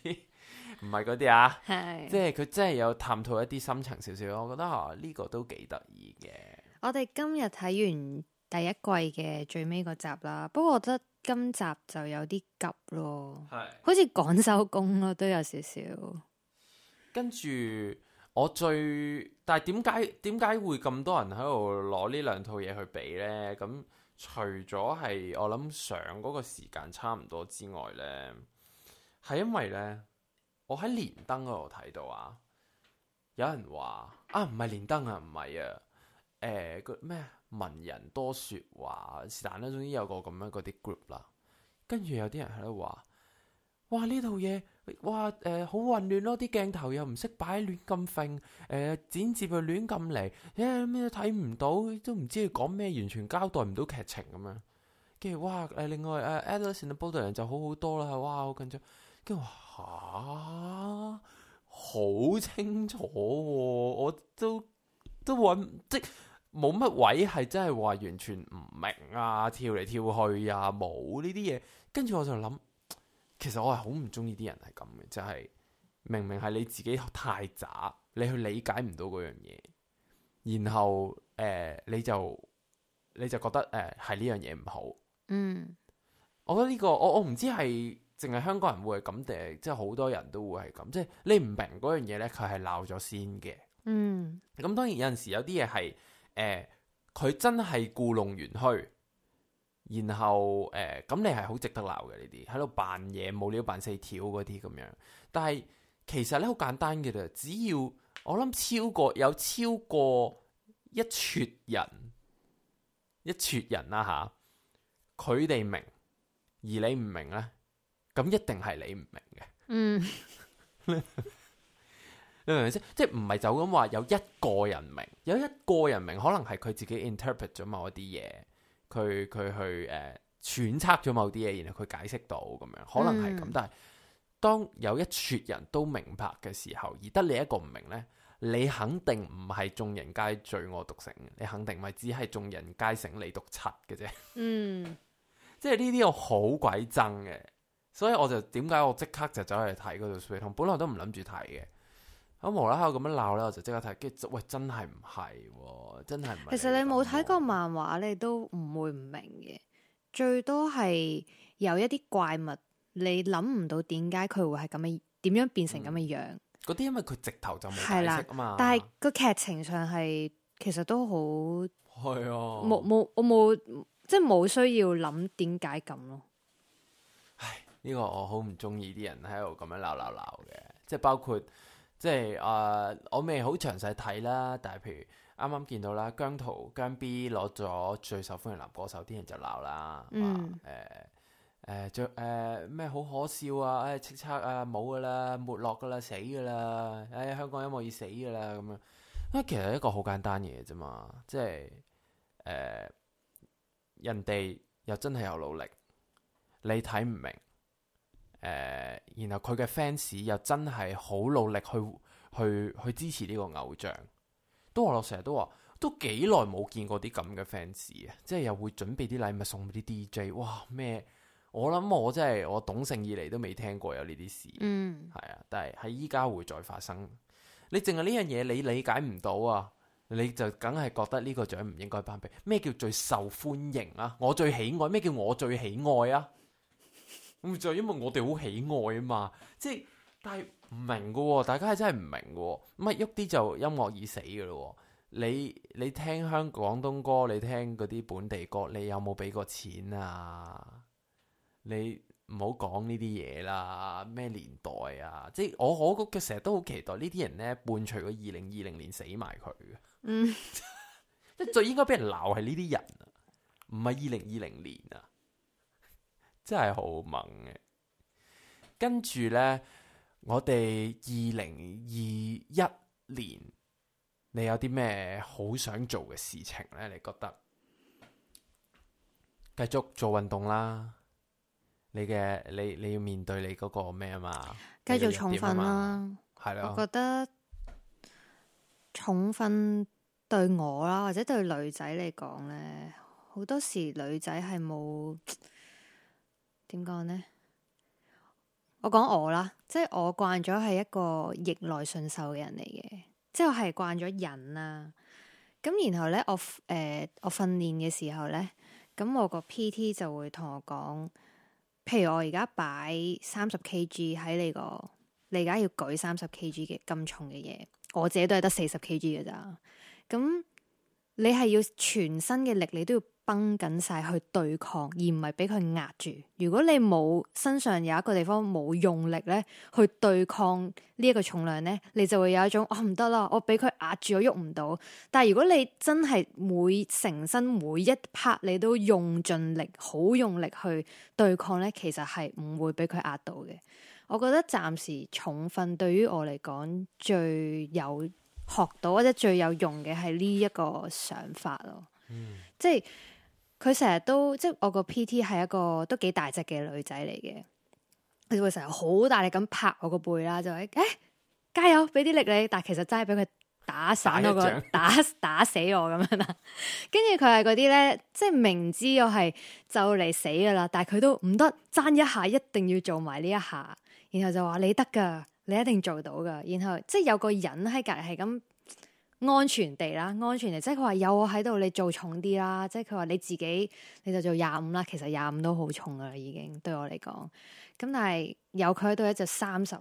啲。 唔係嗰啲啊，是即係佢真係有探討一啲深層少少，我覺得吓呢、啊這個都幾得意嘅。我哋今日睇完第一季嘅最尾嗰集啦，不過我覺得今集就有啲急咯，係是好似趕收工咯，都有少少。 跟住我最，但係點解點解會咁多人喺度攞呢兩套嘢去比呢？咁除咗係我諗上嗰個時間差唔多之外呢，係因為呢。我喺連登嗰度睇到啊，有人話啊，唔係連登啊，唔係啊，誒、欸、個咩文人多說話，是但啦，總之有個咁樣嗰啲 group 啦，跟住有啲人喺度話，哇呢套嘢，哇誒好、呃、混亂咯，啲鏡頭又唔識擺，亂咁揈，誒剪接又亂咁嚟，咩都睇唔到，都唔知佢講咩，完全交代唔到劇情咁樣，跟住哇誒、呃，另外誒 a d o l s o n 嘅 Boy 人就好好多啦，哇好緊張。跟住吓，好清楚，啊，我都都搵即冇乜位係真係話完全唔明啊，跳嚟跳去啊，冇呢啲嘢。跟住我就諗，其實我係好唔中意啲人係咁嘅，就係明明係你自己太渣，你去理解唔到嗰樣嘢，然後誒、呃、你就你就覺得誒係呢樣嘢唔好。嗯，我覺得呢、呢個我我唔知係。淨係香港人會係咁，定即係好多人都會係咁。即係你唔明嗰樣嘢呢，佢係鬧咗先嘅。嗯，咁當然有陣時有啲嘢係誒，佢、呃、真係故弄玄虛，然後誒咁、呃、你係好值得鬧嘅呢啲喺度扮嘢，冇料扮四條嗰啲咁樣。但係其實呢好簡單嘅啦，只要我諗超過有超過一撮人一撮人啦、啊、吓，佢哋明而你唔明呢。咁一定係你唔明嘅，嗯， 你明唔明？即係唔係就咁話有一個人明，有一個人明，個人明，可能係佢自己 interpret 咗某一啲嘢，佢佢去誒揣測咗某啲嘢，然後佢解釋到咁樣，可能係咁。嗯、但係當有一撮人都明白嘅時候，而得你一個唔明呢，你肯定唔係眾人皆醉我獨醒，你肯定咪只係眾人皆醒你獨七嘅啫。嗯，即係呢啲我好鬼憎嘅。所以我就點解我即刻就走去睇嗰套《s 本來都唔諗住睇嘅，咁無啦啦咁樣鬧咧，我就即刻睇。跟住喂，真係唔係，真係唔係。其實你冇睇過漫畫，哦、你都唔會唔明嘅。最多係有一啲怪物，你諗唔到點解佢會係咁樣，點樣變成咁嘅樣。嗰啲因為佢直頭就冇解釋啊嘛。但係個劇情上係其實都好係啊。冇冇我冇即係冇需要諗點解咁咯。呢個我好唔中意啲人喺度咁樣鬧鬧鬧嘅，即係包括即係誒、呃，我未好詳細睇啦。但係譬如啱啱見到啦，姜濤姜 B 攞咗最受歡迎男歌手，啲人就鬧啦，誒誒、嗯，就誒咩好可笑啊！誒、哎，叱吒啊，冇噶啦，沒落噶啦，死噶啦，誒、哎、香港音樂要死噶啦咁樣。因為，其實一個好簡單嘢啫嘛，即係誒、呃、人哋又真係有努力，你睇唔明。誒、呃，然後佢嘅 fans 又真係好努力去去去支持呢個偶像。都話我成日都話，都幾耐冇見過啲咁嘅 fans 啊！即係又會準備啲禮物送俾啲 DJ，哇咩？我諗我真係我懂性以嚟，都未聽過有呢啲事，嗯，係啊。但係喺依家會再發生。你淨係呢樣嘢，你理解唔到啊？你就梗係覺得呢個獎唔應該頒俾。咩叫最受歡迎啊？我最喜愛，咩叫我最喜愛啊？咁就因為我哋好喜愛啊嘛，即係，但係唔明㗎喎、哦，大家係真係唔明㗎喎、哦，乜喐啲就音樂已死㗎咯、哦，你你聽香港廣東歌，你聽嗰啲本地歌，你有冇俾過錢啊？你唔好講呢啲嘢啦，咩年代啊？即係我我嘅成日都好期待呢啲人咧，伴隨個二零二零年死埋佢嘅，嗯，即係最應該俾人鬧係呢啲人啊，唔係二零二零年啊。真係好猛嘅。跟住呢，我哋二零二一年，你有啲咩好想做嘅事情呢？你覺得繼續做運動啦？你嘅你你要面對你嗰個咩啊？嘛，繼續重訓啦、啊。係咯，啊、的我覺得重訓對我啦，或者對女仔嚟講呢，好多時女仔係冇。點講呢？我講我啦，即係我慣咗係一個逆來順受嘅人嚟嘅，即係我係慣咗人啦、啊。咁然後呢，我誒、呃，我訓練嘅時候呢，咁我個 P.T. 就會同我講，譬如我而家擺三十 K.G. 喺你個，你而家要舉三十 K.G. 嘅咁重嘅嘢，我自己都係得四十 K.G. 噶咋？咁你係要全身嘅力，你都要。繃緊晒去對抗，而唔係俾佢壓住。如果你冇身上有一個地方冇用力咧，去對抗呢一個重量咧，你就會有一種我唔得啦，我俾佢壓住，我喐唔到。但係如果你真係每成身每一 part 你都用盡力，好用力去對抗咧，其實係唔會俾佢壓到嘅。我覺得暫時重訓對於我嚟講，最有學到或者最有用嘅係呢一個想法咯。嗯，即係。佢成日都即係我個 PT 係一個都幾大隻嘅女仔嚟嘅，佢會成日好大力咁拍我個背啦，就話誒、欸、加油俾啲力你，但係其實真係俾佢打散我個打一打，打死我咁樣啦。跟住佢係嗰啲咧，即係明知我係就嚟死噶啦，但係佢都唔得爭一下，一定要做埋呢一下。然後就話你得噶，你一定做到噶。然後即係有個人喺隔籬係咁。安全地啦，安全地，即係佢話有我喺度，你做重啲啦。即係佢話你自己，你就做廿五啦。其實廿五都好重噶啦，已經對我嚟講。咁但係有佢喺度咧，就三十，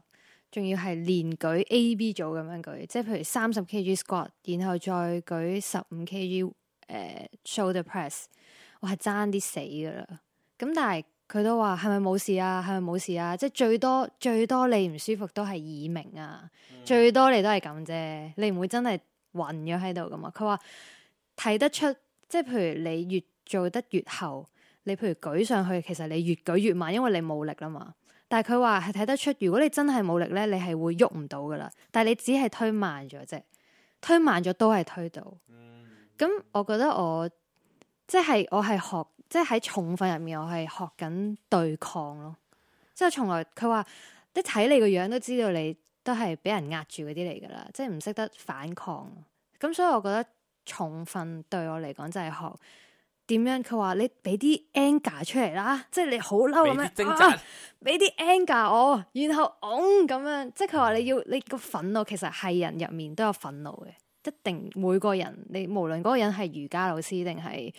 仲要係連舉 A、B 組咁樣舉。即係譬如三十 Kg squat，然後再舉十五 Kg 誒、呃、shoulder press。我係爭啲死噶啦。咁但係佢都話係咪冇事啊？係咪冇事啊？即係最多最多你唔舒服都係耳鳴啊，嗯、最多你都係咁啫，你唔會真係。暈咗喺度噶嘛？佢話睇得出，即係譬如你越做得越後，你譬如舉上去，其實你越舉越慢，因為你冇力啦嘛。但係佢話係睇得出，如果你真係冇力咧，你係會喐唔到噶啦。但係你只係推慢咗啫，推慢咗都係推到。咁、嗯嗯、我覺得我即係我係學，即係喺重訓入面，我係學緊對抗咯。即係從來佢話一睇你個樣都知道你。都係俾人壓住嗰啲嚟噶啦，即係唔識得反抗。咁所以我覺得重訓對我嚟講就係學點樣。佢話你俾啲 anger 出嚟啦，即係你好嬲咁樣啊，俾啲 anger 我，然後拱咁樣。即係佢話你要你個憤怒其實係人入面都有憤怒嘅，一定每個人你無論嗰個人係瑜伽老師定係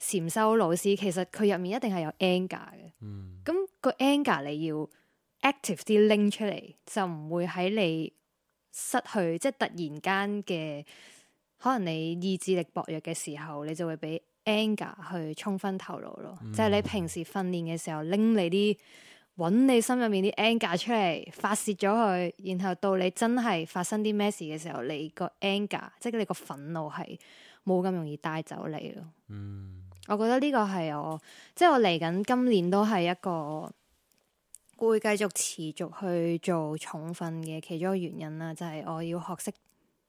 禪修老師，其實佢入面一定係有 anger 嘅。嗯，咁個 anger 你要。active 啲拎出嚟，就唔會喺你失去，即係突然間嘅可能你意志力薄弱嘅時候，你就會俾 anger 去沖昏頭腦咯。即係、嗯、你平時訓練嘅時候，拎你啲揾你心入面啲 anger 出嚟發洩咗佢，然後到你真係發生啲咩事嘅時候，你個 anger 即係你個憤怒係冇咁容易帶走你咯。嗯，我覺得呢個係我即係我嚟緊今年都係一個會繼續持續去做重訓嘅其中一個原因啦，就係我要學識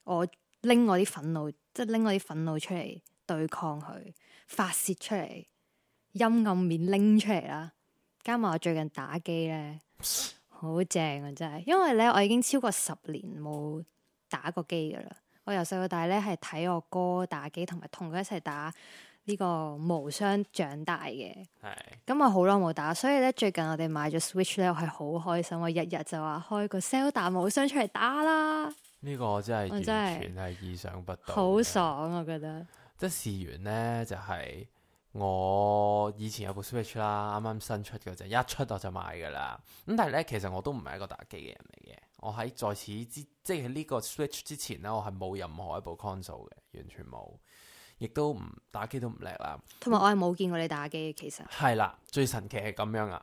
我拎我啲憤怒，即係拎我啲憤怒出嚟對抗佢，發洩出嚟陰暗面拎出嚟啦。加埋我最近打機咧好正啊！真係，因為咧我已經超過十年冇打過機噶啦。我由細到大咧係睇我哥打機，同埋同佢一齊打。呢、呢個無雙長大嘅，咁我好耐冇打，所以咧最近我哋買咗 Switch 咧，我係好開心，我日日就話開個《薩爾達無雙》出嚟打啦。呢個我真係完全係意想不到，好爽我覺得。即試完咧，就係、是、我以前有部 Switch 啦，啱啱新出嘅就一出我就買噶啦。咁但係咧，其實我都唔係一個打機嘅人嚟嘅。我喺在，在此之即喺呢個 Switch 之前咧，我係冇任何一部 console 嘅，完全冇。亦都唔打機都唔叻啦，同埋我係冇見過你打機其實。係啦，最神奇係咁樣啊！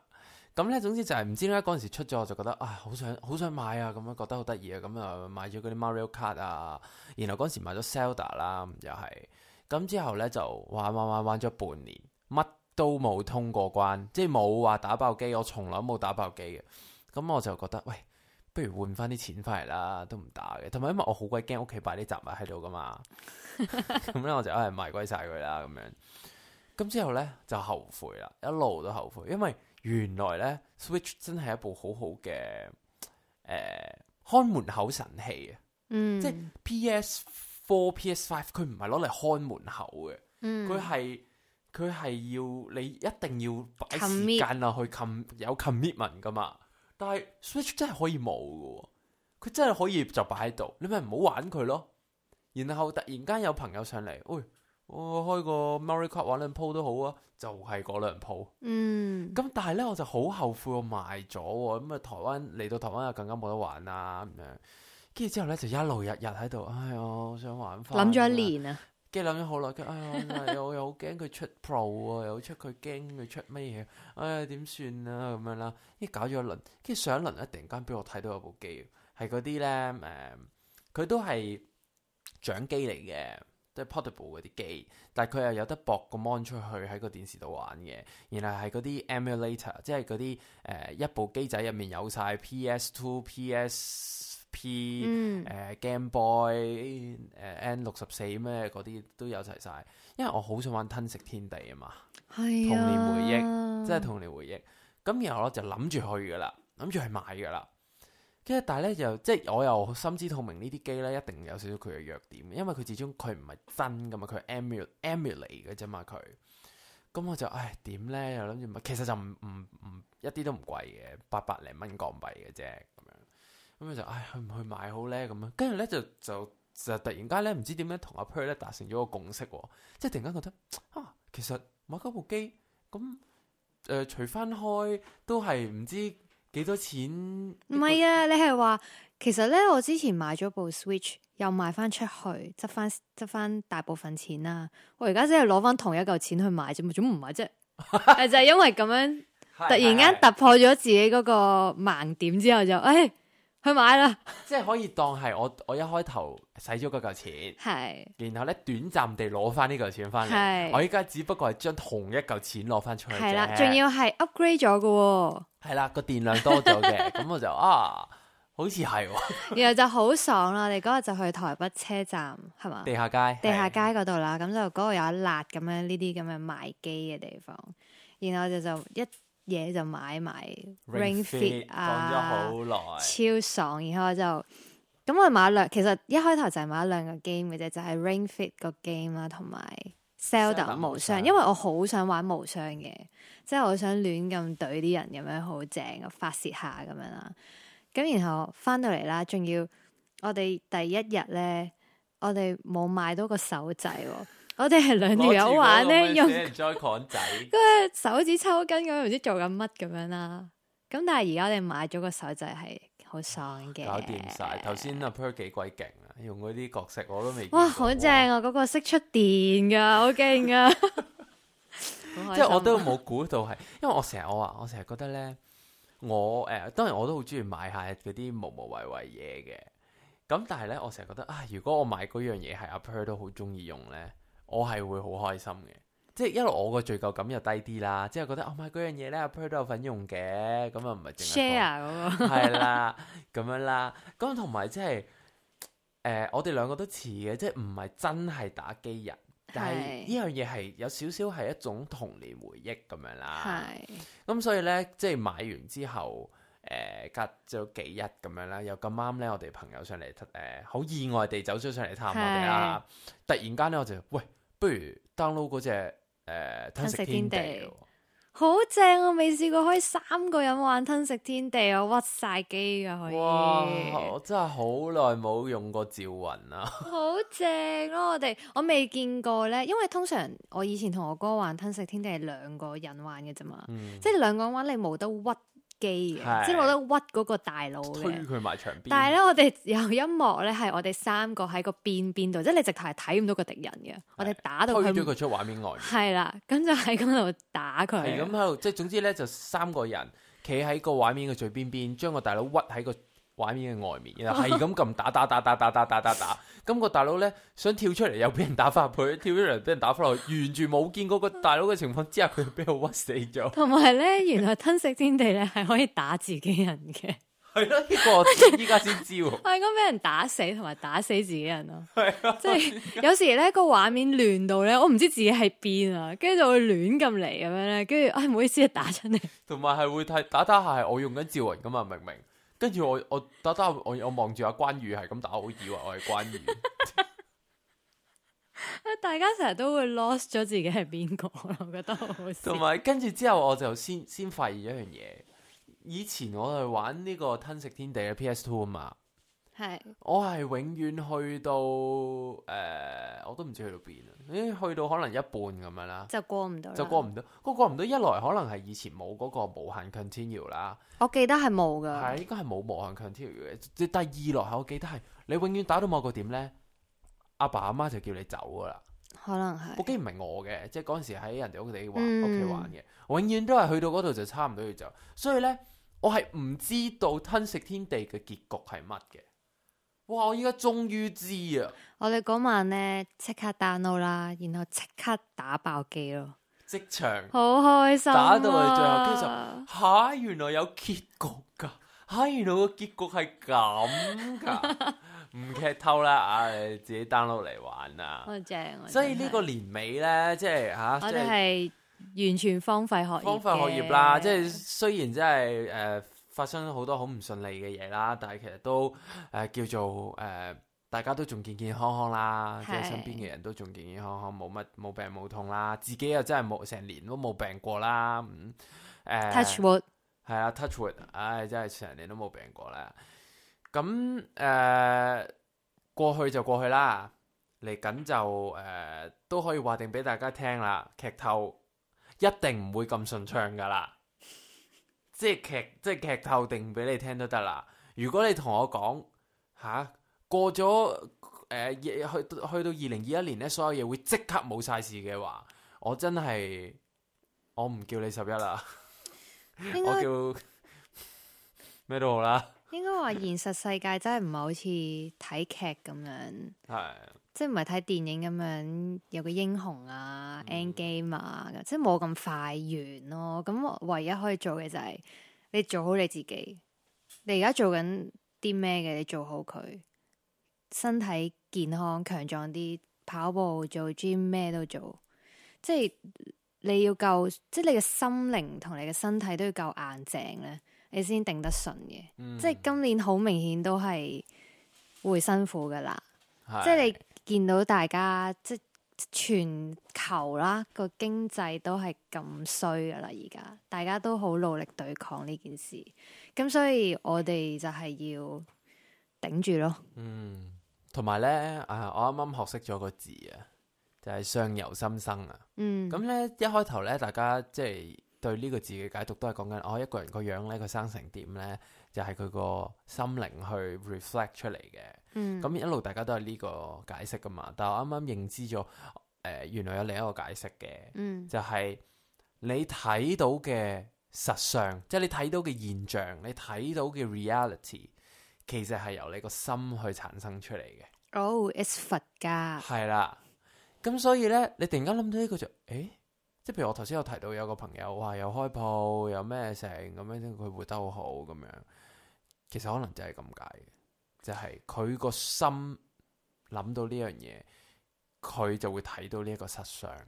咁呢，總之就係唔知點解嗰陣時出咗，我就覺得啊，好想好想買啊！咁樣覺得好得意啊！咁啊買咗嗰啲 Mario Kart 啊，然後嗰陣時買咗 Zelda 啦，又係咁之後呢就玩玩玩玩咗半年，乜都冇通過關，即係冇話打爆機，我從來冇打爆機嘅。咁我就覺得，喂，不如換返啲錢返嚟啦，都唔打嘅。同埋因為我好鬼驚屋企擺啲雜物喺度㗎嘛。 咁咧， 我就一係賣歸晒佢啦。咁、哎、樣，咁之後咧就後悔啦，一路都後悔，因為原來咧 Switch 真係一部好好嘅誒看門口神器啊。嗯、即係 PS Four、PS Five，佢唔係攞嚟看門口嘅。佢係佢係要你一定要擺時間啊，去 commit 有 commitment 噶嘛。但係 Switch 真係可以冇嘅，佢真係可以就擺喺度，你咪唔好玩佢咯。然後突然間有朋友上嚟，喂，我開個 Mario Kart 玩兩鋪都好啊，就係、是、嗰兩鋪。嗯，咁但係咧我就好後悔我賣咗，咁啊台灣嚟到台灣又更加冇得玩啦咁樣。跟住之後咧就一路日日喺度，哎我想玩翻。諗咗一年啊，跟住諗咗好耐，跟住哎呀， 又又好驚佢出 Pro 啊，又好出佢驚佢出咩嘢，哎呀點算啊咁樣啦？啲搞咗一輪，跟住上一輪咧突然間俾我睇到有部機，係嗰啲咧，誒、呃，佢都係。掌機嚟嘅，即係 portable 嗰啲機，但係佢又有得博個 mon 出去喺個電視度玩嘅，然後係嗰啲 emulator，即係嗰啲誒一部機仔入面有晒 PS2 PS、嗯、PSP、呃、誒 Game Boy、呃、誒 N 六十四，咩嗰啲都有齊晒，因為我好想玩吞食天地啊嘛，啊童年回憶，即係童年回憶，咁然後我就諗住去噶啦，諗住去買噶啦。跟住，但係咧又即係，我又心知肚明，呢啲機咧一定有少少佢嘅弱點，因為佢始終佢唔係真噶嘛，佢係 emulate 嚟嘅啫嘛，佢。咁、嗯、我就唉點咧？又諗住，其實就唔唔唔一啲都唔貴嘅，八百零蚊港幣嘅啫咁樣。咁、嗯、我就唉去唔去買好咧？咁樣跟住咧就就就，就突然間咧唔知點樣同阿 Per 咧達成咗個共識，即係突然間覺得啊，其實買嗰部機咁誒除翻開都係唔知。幾多錢？唔係啊，你係話其實呢，我之前買咗部 Switch，又賣翻出去，執翻執翻大部分錢啦。我而家只係攞翻同一嚿錢去買啫嘛，怎唔買啫？係就係因為咁樣，突然間突破咗自己嗰個盲點之後就誒。哎去買啦， 即係可以當係我我一開頭使咗嗰嚿錢，是然後咧短暫地攞翻呢嚿錢翻嚟，是我依家只不過係將同一嚿錢攞翻出去，啫、啊。啦、哦，仲要係 upgrade 咗嘅，係啦，個電量多咗嘅，咁 我就啊，好似係、哦， 然後就好爽啦。我哋嗰日就去台北車站，係嘛？地下街，地下街嗰度啦，咁就嗰度有一辣咁樣呢啲咁嘅賣機嘅地方，然後我就就一嘢就買埋 Ring Fit 啊，講咗好耐，超爽！然後我就咁我買兩，其實一開頭就係買兩個 game 嘅啫，就係、是、Ring Fit 個 game 啦，同埋 Zelda 無雙，因為我好想玩無雙嘅，即係、嗯、我想亂咁懟啲人咁樣好正，發泄下咁樣啦。咁然後翻到嚟啦，仲要我哋第一日咧，我哋冇買到個手掣喎。 我哋係兩條友玩咧，用仔，手指抽筋咁，唔知做緊乜咁樣啦。咁 但係而家我哋買咗個手仔係好爽嘅，搞掂晒。頭先阿 Per 幾鬼勁啊，用嗰啲角色我都未。哇，好正啊！嗰 個識出電噶，好勁啊！即係我都冇估到係，因為我成日我話我成日覺得咧，我誒、呃，當然我都好中意買下嗰啲無無謂謂嘢嘅。咁但係咧，我成日覺得啊，如果我買嗰樣嘢係阿 Per 都好中意用咧。我係會好開心嘅，即係一路我個罪疚感又低啲啦，即係覺得我買嗰樣嘢咧，阿 Per 都有份用嘅，咁又唔係淨係 share 咁，係啦，咁樣啦，咁同埋即係，誒、呃，我哋兩個都似嘅，即係唔係真係打機人，是但係呢樣嘢係有少少係一種童年回憶咁樣啦，係是，咁所以咧，即係買完之後。誒、呃，隔咗幾日咁樣啦，又咁啱咧，我哋朋友上嚟，誒、呃，好意外地走咗上嚟探我哋啦是突然間咧，我就喂，不如 download 嗰隻誒《呃、吞，食吞食天地》好正，我未試過可以三個人玩《吞食天地》，啊。屈晒機噶，可以。哇！我真係好耐冇用過趙雲啦。嗯、 好正咯、啊！我哋我未見過咧，因為通常我以前同我哥，哥玩《吞食天地》係兩個人玩嘅啫嘛，嗯、即係兩個人玩你冇得屈。機嘅是，即係的我覺得屈嗰個大佬嘅，推佢埋牆邊。但係咧，我哋有一幕咧，係我哋三個喺個邊邊度，即係你直頭係睇唔到個敵人嘅。我哋打到，推咗佢出畫面外面。係啦，咁就喺嗰度打佢。係咁喺度，即係總之咧，就三個人企喺個畫面嘅最邊邊，將個大佬屈喺個.畫面嘅外面，然後係咁撳打打打打打打打打打，咁個大佬咧想跳出嚟，又俾人打翻入去，跳出嚟俾人打翻落去，完全冇見過個大佬嘅情況之下，佢就俾我屈死咗。同埋咧，原來《吞食天地》咧係可以打自己人嘅。係咯，呢個依家先知。係咁俾人打死，同埋打死自己人咯。係，即係有時咧個畫面亂到咧，我唔知自己喺邊啊，跟住就會亂咁嚟咁樣咧，跟住唉，唔好意思，打親你。同埋係會睇打打下，係我用緊趙雲噶啊，明唔明？跟住我我得得我我望住阿關羽係咁打，我以為我係關羽。 大家成日都會 lost 咗自己係邊個，我覺得好好笑。同埋跟住之後，我就先先發現一樣嘢，以前我係玩呢個《吞食天地》嘅 P S Two 嘛。係，是我係永遠去到誒、呃，我都唔知去到邊啊、欸！去到可能一半咁樣啦，就過唔到，就過唔到。過唔到一來可能係以前冇嗰個無限 continue 啦，我記得係冇噶，係應該係冇無限 continue 嘅。第二來係我記得係你永遠打到某個點呢，阿爸阿媽就叫你走噶啦。可能係我記唔係我嘅，即係嗰陣時喺人哋屋企玩，屋企、嗯、玩嘅，永遠都係去到嗰度就差唔多要走。所以呢，我係唔知道《吞食天地》嘅結局係乜嘅。哇！我依家終於知啊！我哋嗰晚咧即刻 download 啦，然後即刻打爆機咯，即場好開心、啊，打到佢最後跟住，吓、啊、原來有結局噶，吓、啊、原來個結局係咁噶，唔劇透啦啊，你自己 download 嚟玩啊，好正，所以呢個年尾咧，即係吓，啊即係、我哋係完全荒廢學業荒廢學業啦，即、就、係、是、雖然真係誒。呃發生好多好唔順利嘅嘢啦，但係其實都誒、呃、叫做誒、呃，大家都仲健健康康啦，是即係身邊嘅人都仲健健康康，冇乜冇病冇痛啦，自己又真係冇成年都冇病過啦，嗯誒、呃、，Touch wood 係啊，Touch wood，唉、哎，真係成年都冇病過啦。咁、嗯、誒、呃、過去就過去啦，嚟緊就誒、呃、都可以話定俾大家聽啦，劇透一定唔會咁順暢噶啦。即係劇，即係劇透定俾你聽都得啦。如果你同我講吓、啊、過咗誒、呃，去去到二零二一年咧，所有嘢會即刻冇晒事嘅話，我真係我唔叫你拾壹啦，應該 我叫咩都好啦。應該話現實世界真係唔係好似睇劇咁樣。係。 即係唔係睇電影咁樣有個英雄啊、嗯，Endgame 啊，即係冇咁快完咯。咁唯一可以做嘅就係你做好你自己。你而家做緊啲咩嘅？你做好佢，身體健康強壯啲，跑步做 gym 咩都做。即係你要夠，即係你嘅心靈同你嘅身體都要夠硬淨咧，你先定得順嘅。嗯、即係今年好明顯都係會辛苦噶啦。即係你。見到大家即全球啦個經濟都係咁衰噶啦，而家大家都好努力對抗呢件事，咁所以我哋就係要頂住咯。嗯，同埋咧，誒、啊，我啱啱學識咗個字啊，就係相由心生啊。嗯，咁咧一開頭咧，大家即係對呢個字嘅解讀都係講緊，我、哦、一個人個樣咧，佢生成點咧？就係佢個心靈去 reflect 出嚟嘅，咁、嗯、一路大家都係呢個解釋噶嘛。但係我啱啱認知咗，誒、呃、原來有另一個解釋嘅，嗯、就係你睇到嘅實相，即、就、係、是、你睇到嘅現象，你睇到嘅 reality，其實係由你個心去產生出嚟嘅。哦，it's 佛家。係啦，咁所以咧，你突然間諗到呢個就，誒，即係譬如我頭先有提到有個朋友話又開鋪有咩成咁樣，佢活得好好咁樣。其實可能就係咁解嘅，就係佢個心諗到呢樣嘢，佢就會睇到呢一個實相，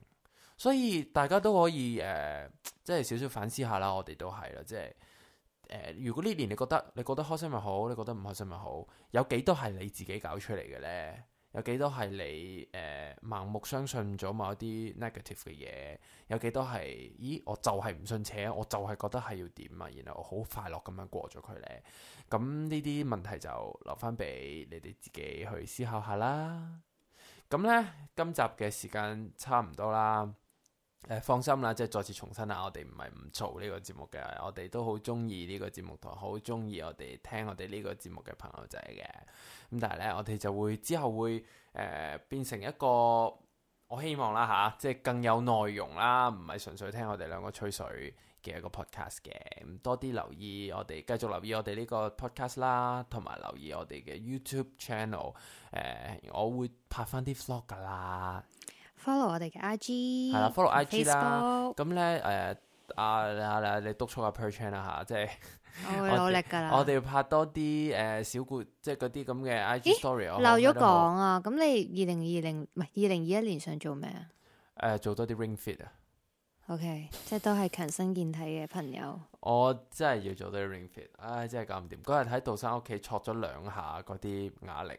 所以大家都可以誒，即係少少反思下啦。我哋都係啦，即係誒，如果呢年你覺得你覺得開心咪好，你覺得唔開心咪好，有幾多係你自己搞出嚟嘅呢？有幾多係你誒、呃、盲目相信咗某一啲 negative 嘅嘢？有幾多係？咦，我就係唔信邪，我就係覺得係要點啊！然後我好快樂咁樣過咗佢呢。咁呢啲問題就留翻俾你哋自己去思考下啦。咁呢，今集嘅時間差唔多啦。誒，放心啦，即係再次重申啦，我哋唔係唔做呢個節目嘅，我哋都好中意呢個節目同，好中意我哋聽我哋呢個節目嘅朋友仔嘅。咁但係呢，我哋就會之後會誒、呃、變成一個我希望啦吓，即係更有內容啦，唔係純粹聽我哋兩個吹水嘅一個 podcast 嘅。咁多啲留意我哋，繼續留意我哋呢個 podcast 啦，同埋留意我哋嘅 YouTube channel。誒、呃，我會拍翻啲 vlog 噶啦。follow 我哋嘅 IG 係啦，follow IG 啦。咁咧，誒，阿阿你督促下 Per Chan 吓，即係我會努力噶啦。我哋要拍多啲誒小故，即係嗰啲咁嘅 IG Story。咦，漏咗講啊！咁你二零二零唔係二零二一年想做咩啊？誒，做多啲 Ring Fit 啊。OK，即係都係強身健體嘅朋友。我真係要做多啲 Ring Fit，唉，真係搞唔掂。嗰日喺杜生屋企挫咗兩下嗰啲啞鈴。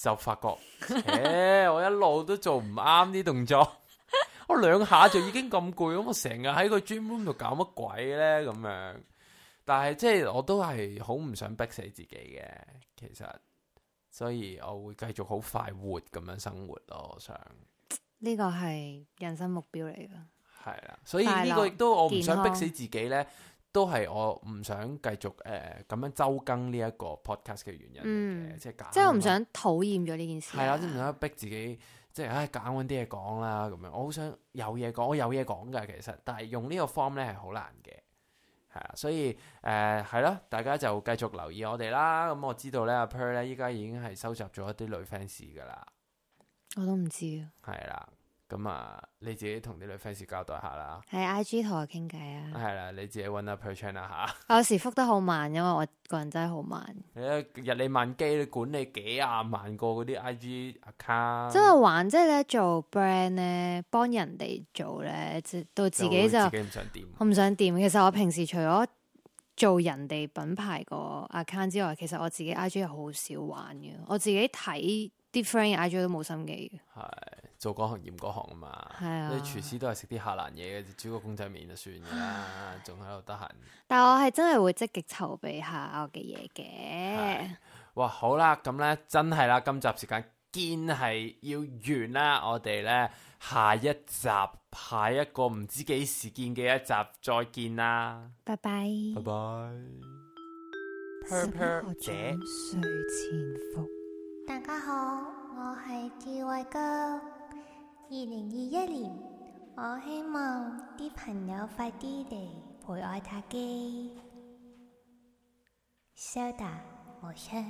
就發覺，誒、 欸，我一路都做唔啱啲動作， 我兩下就已經咁攰，咁 我成日喺個 Zoom 度搞乜鬼呢？咁樣。但係即係我都係好唔想逼死自己嘅，其實，所以我會繼續好快活咁樣生活咯。我想呢個係人生目標嚟噶，係啦，所以呢個亦都我唔想逼死自己呢。都係我唔想繼續誒咁、呃、樣周更呢一個 podcast 嘅原因，嗯、即係即係唔想討厭咗呢件事，啊。係啦，啊，即係唔想逼自己，即係唉揀揾啲嘢講啦咁樣。我好想有嘢講，我有嘢講噶其實，但係用呢個 form 咧係好難嘅，係啊。所以誒係咯，大家就繼續留意我哋啦。咁、嗯、我知道咧，阿 Per 咧依家已經係收集咗一啲女 fans 噶啦。我都唔知。係啦。咁、嗯、啊，啊，你自己同啲女 fans 交代下啦。喺 IG 同我傾偈啊。係啦，你自己搵阿 Perchina 吓。我有時覆得好慢，因為我個人真係好慢。誒、嗯，日理萬機，你管理你幾廿萬個嗰啲 IG account。真係玩，即係咧做 brand 咧，幫人哋做咧，到自己就。就自己唔想掂，我唔想掂。其實我平時除咗做人哋品牌個 account 之外，其實我自己 IG 係好少玩嘅。我自己睇。啲 friend 嗌住都冇心機，係做嗰行厭嗰行啊嘛，係，啲廚師都係食啲下欄嘢嘅，煮個公仔麵就算噶啦，仲喺度得閒。但係我係真係會積極籌備下我嘅嘢嘅。哇，好啦，咁咧真係啦，今集時間堅係要完啦，我哋咧下一集下一個唔知幾時見嘅一集再見啦，拜拜拜拜，拾壹學長睡前服。大家好，我係智慧哥。二零二一年，我希望啲朋友快啲嚟陪我打機。收到，冇人。